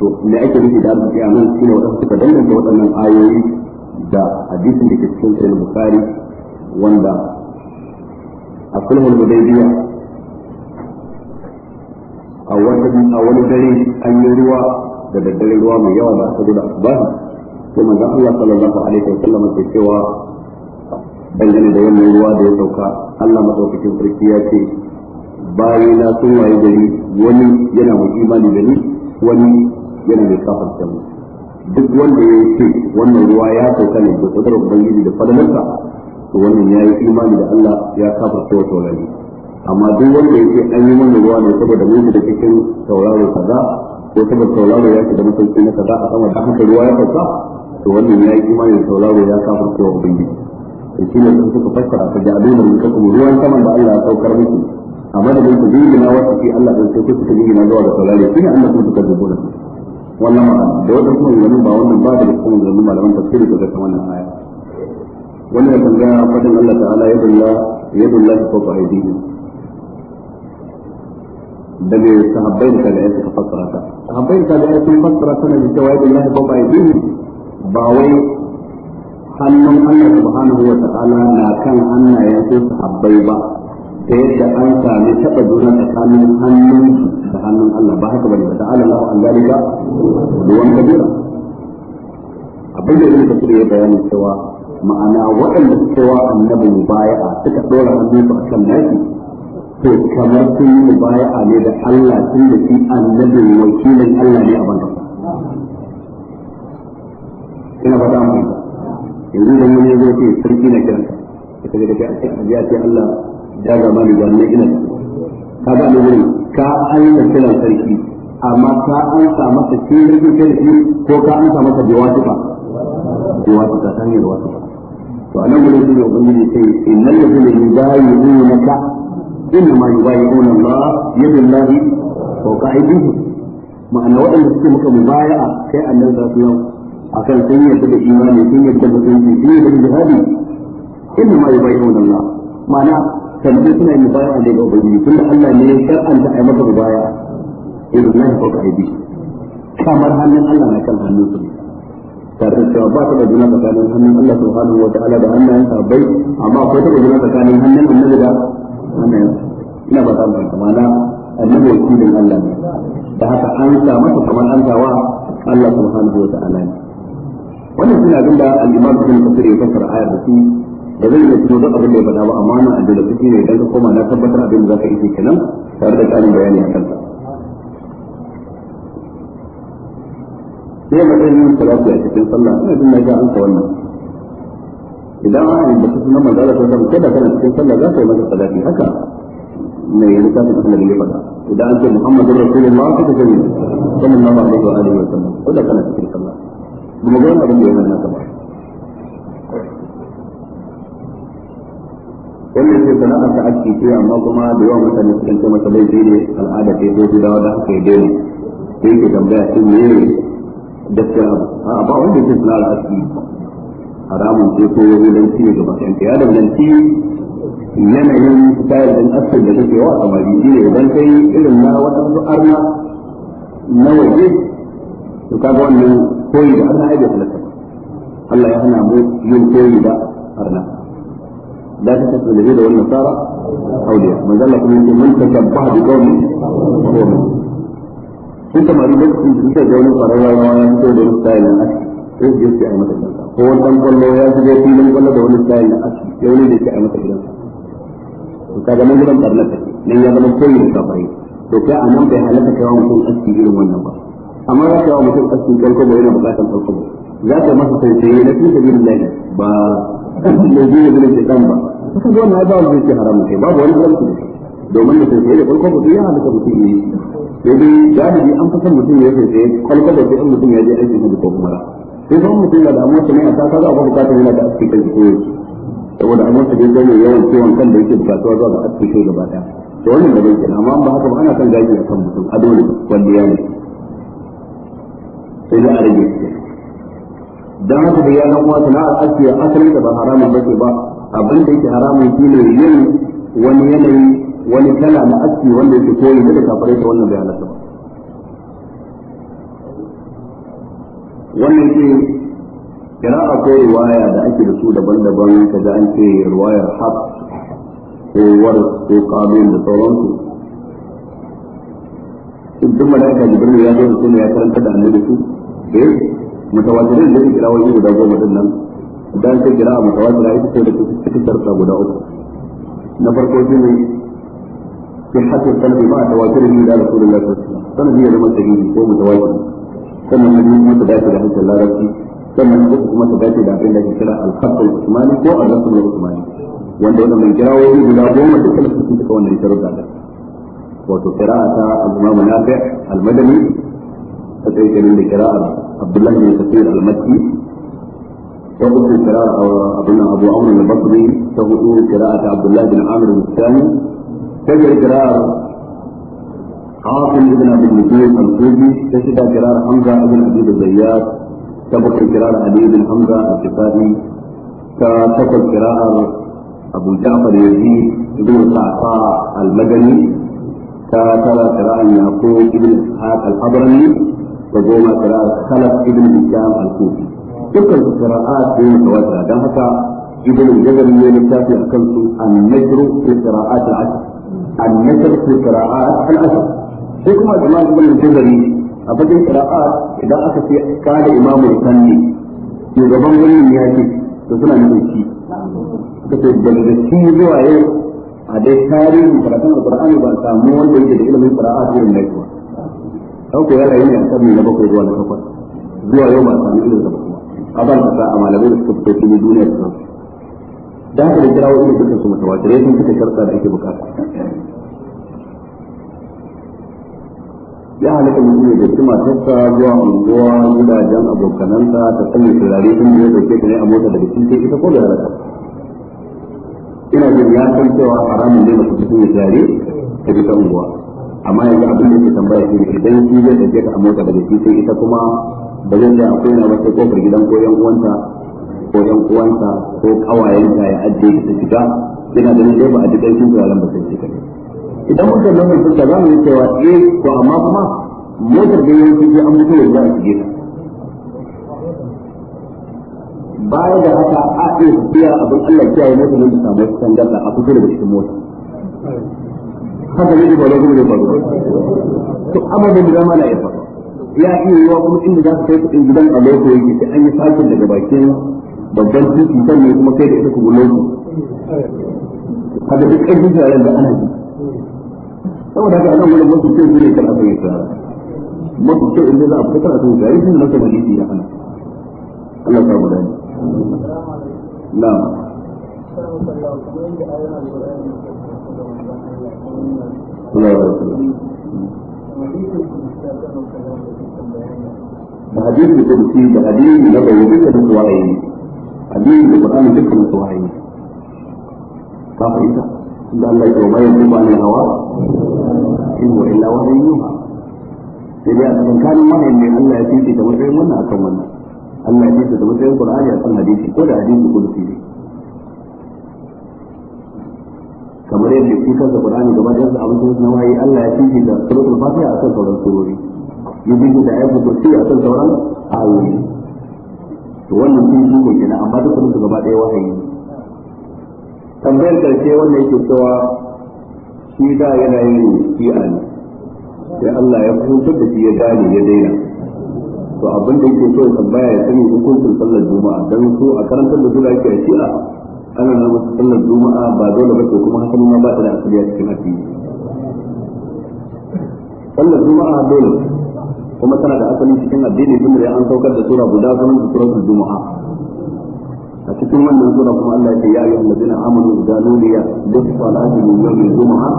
to me ake nufi da arziki a nan shine wadanda suka danganta waɗannan ayoyi da hadisin da ke cikin sahih bukhari wanda a sulhul hudaybiya a wani a wani dare an yi ruwa da daddare ruwa mai yawa da aka da asbahi sai manzon Allah sallallahu alaihi wa sallam ke cewa dangane da wannan ruwa da ya sauka Allah madaukakin sarki ya ce bayina sun waye gari wani yana mai imani da ni wani yana mai kafar mu duk wanda ya ce wannan ruwa ya sauka ne da kudar ubangiji da fadalarsa to wannan ya yi imani da Allah ya kafa kowa taurari amma duk wanda yake an yi mana ruwa ne saboda mun da cikin tauraro kaza ko saboda tauraro ya shiga masauki na kaza a sama da haka ruwa ya fasa to wannan ya yi imani da tauraro ya kafa kowa ubangiji to ne sun suka fassara ta ja'aluna min kakum ruwan sama da Allah ya saukar muku a madadin ku jingina wasu fi Allah din sai ku suka jingina zuwa ga taurari shine Allah kun suka dubo da wannan ma'ana da wannan kuma yanzu ba wannan ba da kuma yanzu malaman tafsiri daga wannan aya wannan tambaya fadin Allah ta'ala ya dulla ya dulla ko fa aidihim da ne sahabbai da kaga suka fassara ta sahabbai da kaga sun fassara tana da cewa ya dulla ko fa aidihim ba wai hannun Allah subhanahu wa ta'ala na kan hannayen su sahabbai ba ta yadda an sami taɓa juna tsakanin hannun da hannun Allah ba haka bane ba ta'ala Allah an zalika ruwan kabira abin da yake da ya bayani cewa ma'ana waɗanda suka wa annabi mubaya'a suka ɗora ba a kan naki to kamar sun yi mubaya'a ne da Allah tun da shi annabin wakilin Allah ne a banda ina fata mu yanzu da mun zo ce sarki na kiran ka kaga da kai a ji ce Allah da ga mani na ina ka ga mun ka ayyana kiran sarki amma ka an sa masa sirri da shi ko ka an sa masa biwatuka biwatuka ta hanyar wata. to a nan gudun suna ubangiji sai innan da suna yi bayi nuna maka inna ma yi bayi nuna ma yadda lahi ko ka aiki ma'ana waɗanda suke maka mu baya a kai annan za su yau a kan sun yadda da imani sun yadda da sun yi sun yadda da jihadi inna ma yi bayi nuna ma ma'ana kamar suna yi baya a daga ubangiji tun da Allah ne ya shar'anta a yi maka mu baya idan lahi ko ka aiki kamar hannun Allah na kan hannun su kafin cewa ba ta da juna tsakanin hannun Allah subhanahu wa ta'ala da hannayen sahabbai amma akwai ta da juna tsakanin hannun annabi da hannayen ina ba ta amfani mana annabi wakilin Allah ne da haka an sa masa kamar an sawa Allah subhanahu wa ta'ala ne wannan suna abin da al-imam ibn kasir ya fassara ayar da shi da zai iya tuno duk abin da ya faɗa ba amma nan abin da kuke ne idan ka koma na tabbatar abin da zaka yi kenan tare da ƙarin bayani a kansa هي مثلا من الثلاث يعني كيف صلى انا بما جاء انت وانا اذا انا يعني، بس انا ما قالت انا كده كان كيف صلى ذاته ولا صلى في حكا ما يلقى في كل اللي بقى اذا انت محمد رسول الله كنت تقول صلى الله عليه واله وسلم ولا كان في كل صلاه بمجرد ما بدي انا طبعا Wannan ce da na aka ake cewa amma kuma da yawan mutane sukan ce mata bai daidai al'ada gaskiya abu ba wanda yake suna da aski. haramun sai ko wani lanci ne gaba ɗayan ya danganci yanayin tayar da asiri da kake wa samari shi ne idan kai irin na waɗansu arna na waje to kaga wannan koyi da arna aibe halatta Allah ya hana mu yin koyi da arna la ta tasu da wannan tsara auliya manzo Allah kuma yake man tashabbaha bi qaumin su samari lokacin da suka ga wani kwararwa ma ya fito da wani style na aski sai su je su ai masa gidansa ko wani dan kwallo ya su je filin kwallo da wani style na aski ya wani da ke ai masa gidansa to ka ga nan gidan barna ta nan ya zama koyi da kafari to kai a nan bai halatta kai wa mutum aski irin wannan ba amma za ka yi wa mutum aski kalko ba yana bukatar kalko ba za ka masa sai na fi sabilin lahi ba ne biyu yi zai ce kan ba kaga wannan ba wani zai ce haramun kai babu wani kalko da shi domin da sai da farko mutum ya halaka mutum ne sai dai galibi an fasan mutum ya sai sai kwalkwalo sai mutum ya je aikin hajji ko kuma sai kuma mutum ya da amma sai ya ta kaga abu bukatar yana da asibiti kai ko saboda amma sai dai ne yawan ciwon kan da yake bukatuwa zuwa ga aski kai gaba daya to wannan da bai kenan amma ba haka ba ana kan gaji a kan mutum a dole wanda ya ne sai da a rage dan haka da ya zama na asiya asalin da ba haramun bace ba abin da yake haramun shine yin wani yanayi wani kana na aski wanda yake koyi ne da kafare ta wannan bayanan ba wannan ke kira'a akwai riwaya da ake da su daban-daban ka da an ce riwayar haq ko war ko qabil da sauransu duk malaika jibril ya zo da su ne ya karanta da annabi su eh mutawatirin da ke kira wani guda goma din nan dan sai kira mutawatira ita ce da take cikin guda uku na farko shine في صحة القلب مع تواتره إلى رسول الله صلى الله عليه وسلم سنة هي لما تجيب هو متواتر سنة النبي ما تبعت إلى حديث الله ربي سنة الحديث ما تبعت إلى عبد الله كلا الخط العثماني هو الرسم العثماني وأنت هنا من جراء ويجب إلى قوم تكلم في تلك وأن يترد عليه قراءة الإمام نافع المدني فتيك من قراءة عبد الله بن كثير المكي وقلت قراءة أبو عمر البصري تقول قراءة عبد الله بن عامر الثاني تجري قراءة عاصم بن ابي النجوم الكوفي تجد قراءة حمزة بن عبيد الزيات تبقى قراءة علي بن حمزة الكفائي تبقى قراءة أبو جعفر يزيد بن صعصاع المدني ترى قراءة يعقوب بن إسحاق الحضرمي وجوما قراءة خلف بن هشام الكوفي dukkan su qira'at ne mutawatira dan haka ibnu jabr ne littafi akan su an-najru fi qira'at al-ashr النسب في القراءات في الأثر حكم الإمام ابن الجزري a fagen qira'at idan aka ce kada imamu sanni to gaban wannan ya ce to suna nufin shi suka ce daga shi zuwa yau a dai tarihin karatun alqur'ani ba samu wanda yake da ilimin qira'at irin da ba dan ko ne a kan na bakwai zuwa na takwas zuwa yau ba samu ilimin da ba a ban ta a malamai da suka fito cikin duniya da da haka da kirawo irin dukkan su mutawatirai sun cika sharta da ake bukata ya halitta mutum ya dauki matarsa zuwa unguwa gidajen abokanansa ta sanya turare sun biyo dauke ta ne a mota daga cikin ita ko da haraka. ina jin ya san cewa haramun ne masu cikin ya turare ta bi ta unguwa amma yanzu abin da ke tambaya shi ne idan shi zai dauke ta a mota daga cikin ita kuma ba zai da akwai na wata kofar gidan ko yan uwanta ko ɗan uwansa ko kawayensa ya ajiye ta shiga yana da dai ba a duk aikin turaren ba sai shiga idan muka lamar sun za mu yi cewa eh ko amma kuma motar da yawanci sai an mutu yanzu a shige ta baya da haka a iya tafiya abin Allah yi motar da samu wata tangarda a fito daga cikin motar. haka ne ba da gudu da faruwa to amma da dama na iya faruwa ya iya yiwa kuma inda za su kai kuɗin gidan a loko yake sai an yi sakin daga bakin babban titi sannan kuma kai da ita ku gulon ku haka duk ƙarfin da da ana ji saboda haka anan wurin wasu ce su ne kan abin ya masu ce inda za a fitar a sun gari sun nasa maliki ya hana Allah ta guda ne na da hadisi da hadisi na bayyana da wahayi addini da Qur'ani dukkan su wahayi ka fahimta inda Allah ya tauba ya ba ne hawa in wa illa wahayi yuha sai dai a kanin wahayin ne Allah ya fice da matsayin wannan akan wannan Allah ya fice da matsayin Qur'ani kan hadisi ko da hadisi ko da ne kamar yadda shi kansa Qur'ani gaba ɗayan abin da na wahayi Allah ya fice da suratul Fatiha akan sauran surori ya fice da ayatul kursi akan sauran ayoyi to wannan sun yi ne kenan amma duk su gaba ɗaya wahayi tambayar karshe wannan yake cewa shi da yana yin shi a ne sai Allah ya fahimtar da shi ya gane ya daina to abin da yake so ya tambaya ya sani hukuncin sallar juma'a dan su a karantar da su da yake shi'a ana nan wasu sallar juma'a ba dole ba ce kuma hakan ma ba ta da asali a cikin addini sallar juma'a dole kuma tana da asalin cikin addinin tun da an saukar da sura guda sunan suratul juma'a a cikin wannan sura kuma Allah ya ce ya ayyuhal ladina amanu idza nudiya lis salati min yawmil juma'a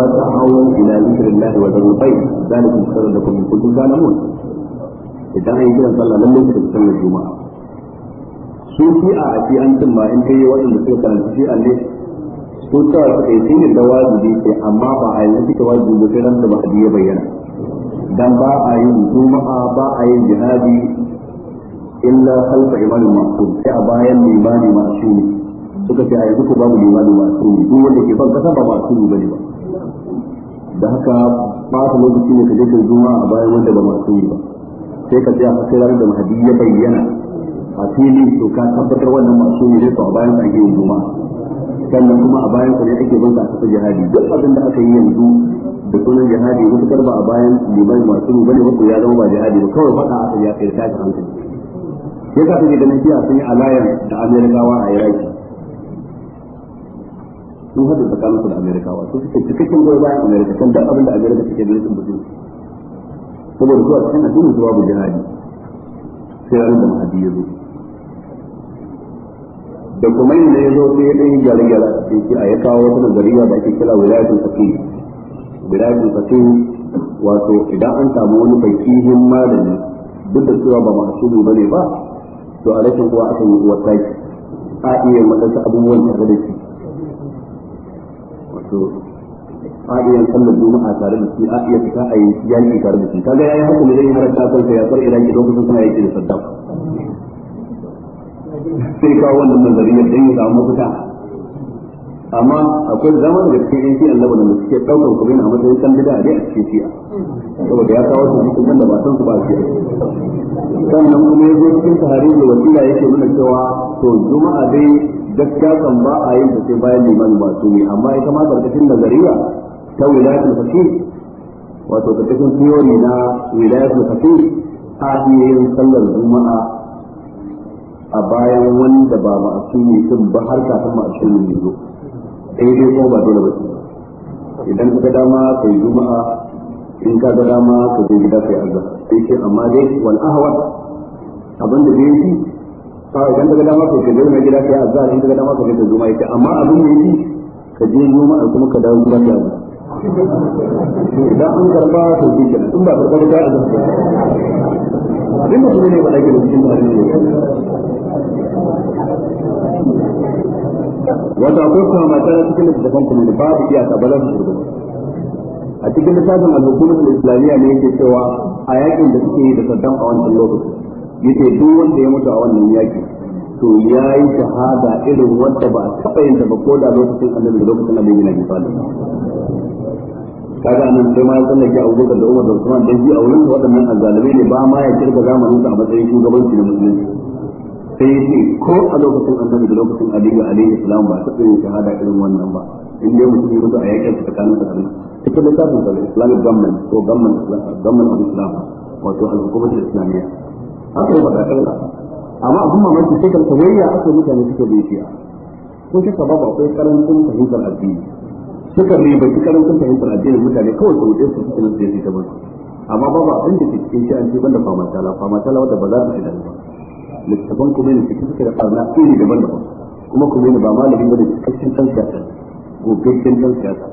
fas'au ila dhikrillahi wa dharul bayt dhalikum khairun lakum in kuntum ta'lamun idan an yi kiran sallah lalle ku tafi sallar juma'a Sufi a fi an cimma in kai waɗanda suka karanta shi'a ne su ta suka yi shine da wajibi sai amma ba a yanzu suka wajibi ba sai ran da ba a bayyana dan ba a yin juma'a ba a yin jihadi illa khalfa imamin ma'sum sai a bayan limani ma'sumi suka ce a yanzu ko babu limani ma'sumi duk wanda ke ban kasa ba ma'sumi bane ba da haka ba ta lokaci ne ka je ka juma'a a bayan wanda ba ma'sumi ba sai ka je a sai ranar da mahadi ya bayyana a fili to ka tabbatar wannan ma'sumi ne to a bayan sa ake yin juma'a sannan kuma a bayan sa ne ake ban sa a jihadi duk abin da aka yi yanzu da sunan jihadi mutukar ba a bayan liman masu mu ne wato ya zama ba jihadi ba kawai faɗa aka ya kai tashi hankali Ya ka take ganin shiya sun yi alayan da amerikawa a iraki sun haɗu tsakanin su da amerikawa sun suke cikakken goyon bayan amerika kan duk abin da amerika suke ganin sun mutum saboda zuwa cikin addinin su babu jihadi sai ranar da mahadi ya zo da kuma yin da ya zo sai ya ɗan yi gyare-gyare a cikin a ya kawo wata nazariya da ake kira wilayatul faqih birabin fatin wato idan an samu wani fakihin malami duk da cewa ba mahsubu bane ba to a rashin kuwa aka yi uwar taki a iya wadansu abubuwan tare da shi wato a iya sallar juma'a tare da shi a iya fita a yi yaki tare da shi kaga yayi haka ne zai haranta sai ya far iraki lokacin suna yaki da saddam sai kawo wannan nazariyar dan ya samu fita amma akwai zaman da cikin yan annabi da suke ɗaukar ku a matsayin kan bida ne a cikin shi'a saboda ya kawo su cikin wanda ba san su ba a shi'a sannan kuma ya cikin sahari da wasila yake nuna cewa to juma'a dai gaskiya kan ba a yin ta sai bayan liman ba su ne amma ita ma karkashin nazariya ta wilayatul fakir wato karkashin theory na wilayatul fakir a iya yin sallar juma'a a bayan wanda ba ma'asumi sun ba har kafin ma'asumi ne zuwa sai dai kuma ba dole ba idan ka ga dama kai juma'a in ka ga dama ka je gida kai azza sai ce amma dai wal ahwa abin da dai yi ka idan ka ga dama kai je mai gida kai azza in ka dama ka je juma'a yake amma abin da yi ka je juma'a kuma ka dawo gida kai azza idan an karba to shi kenan in ba karba ba azza abin da kuma ne ba da ke da cikin tarihi wato akwai kuma mata na cikin littafin kuma da babu iyaka ba za su shirgo a cikin littafin al-hukumar islamiyya ne yake cewa a yakin da suke yi da saddam a wancan lokacin, yake duk wanda ya mutu a wannan yaki to ya yi shahada irin wanda ba a taɓa yin ba ko da lokacin annabi da lokacin annabi na misali kaga nan dai ma da ke abu da umar da usman dan ji a wurin waɗannan azzalumai ne ba ma ya kirga zamanin su a matsayin shugabanci na musulunci sai ya ce ko a lokacin annabi da lokacin aliyu alaihi salam ba ta yin shahada irin wannan ba in dai ya mutu a yakin su tsakanin sa ita da kafin sa islamic government ko government government of islam wato al-hukumar islamiyya haka ba da amma abun mamaki sai kan tawayya aka mutane suke bin shi'a ko shi sababa akwai karancin fahimtar addini suka ribanci karancin fahimtar addinin mutane kawai sau ɗaya su cikin su ta bar amma babu abin da ke cikin shi'anci banda famatala famatala wadda ba za ta fi ba littafan ku ne cikin suka da barna iri daban-daban kuma kuma ne ba malamin bane cikakken san siyasa gogaggen san siyasa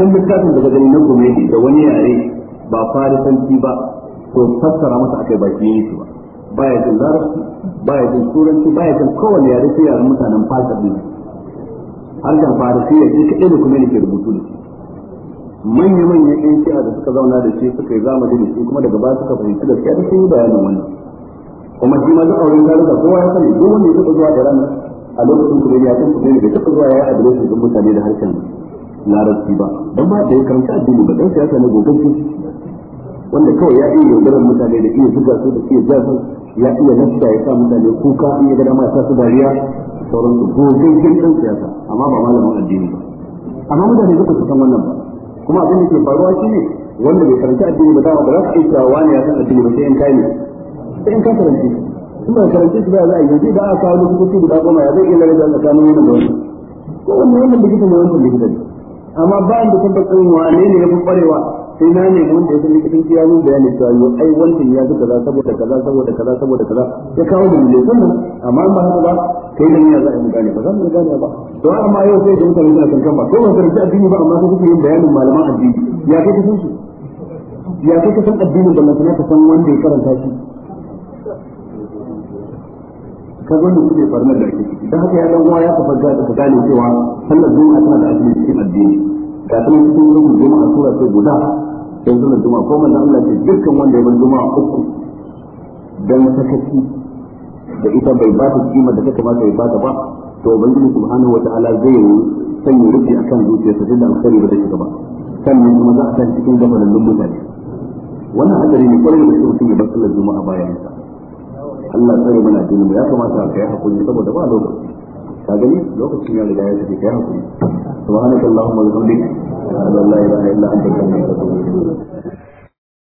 dan littafin daga gani na kuma ne da wani yare ba farisanci ba to fassara masa akai baki ne shi ba ya jin larabci ya jin turanci ya jin kowane yare sai yaren mutanen fasar ne harshen ya shi kaɗai da kuma ne ke rubutu da shi manya-manyan 'yan shi'a da suka zauna da shi suka yi zamani da shi kuma daga baya suka fahimci da da sun yi bayanin wannan kuma shi ma duk auren da kowa ya sani duk wanda ya taɓa zuwa da ranar a lokacin su ya san ne bai taɓa zuwa ya yi adireshin ɗin mutane da harshen larabci ba don ba da ya karanta addini ba don siyasa ne gogaggi wanda kawai ya iya yaudarar mutane da iya zuga su da iya jasa ya iya nasta ya sa mutane kuka iya ya ga dama ya sa su dariya sauran su gogaggen ɗan siyasa amma ba malamin addini ba amma mutane duka su san wannan ba kuma abin da ke faruwa shine wanda bai karanta addini ba dama ba za su iya cewa wani ya san addini ba sai in kai ne sai in ka karance in ba karance shi ba za a yi yanzu ba aka kawo likitoci guda goma ya zai iya rage Allah tsakanin wannan da wannan ko wannan wannan likita ne wannan likita ne amma ba ni da tabbacin wane ne ya fi kwarewa sai na ne wanda ya san likitanci ya mun bayani cewa yo ai wancan ya fi kaza saboda kaza saboda kaza saboda kaza ya kawo da dalilai wannan amma ba haka ba kai nan ya za a gane ba za mu gane ba to amma yau sai da mutane suna kan ba ko ban karanta addini ba amma sai kuke yin bayanin malaman addini ya kai kusan su ya kai kusan san addinin da mutane ka san wanda ya karanta shi ka zo da kuke farnar da ake ciki don haka ya dan uwa ya ka farga da ka gane cewa sallar juma'a tana da asali cikin addini ga sun cikin rukun juma'a sura ce guda sai sallar juma'a ko manzon Allah ce dukkan wanda ya bar juma'a uku dan sakaci da ita bai ba ta kima da ta kamata ya ba ta ba to ubangiji subhanahu wataala zai yi sanya rufi akan zuciyarsa tunda alkhairi ba ta shiga ba sannan kuma za a san cikin da gabanin ne, wannan hadari ne kwarai da gaske mutum ya ban sallar juma'a bayan sa Allah tsare mana dinin ya kamata ka yi hakuri saboda ba lokaci ka gani lokacin ya riga ya tafi kai hakuri subhanakallahumma wa bihamdika la ilaha illa anta astaghfiruka wa atubu ilayk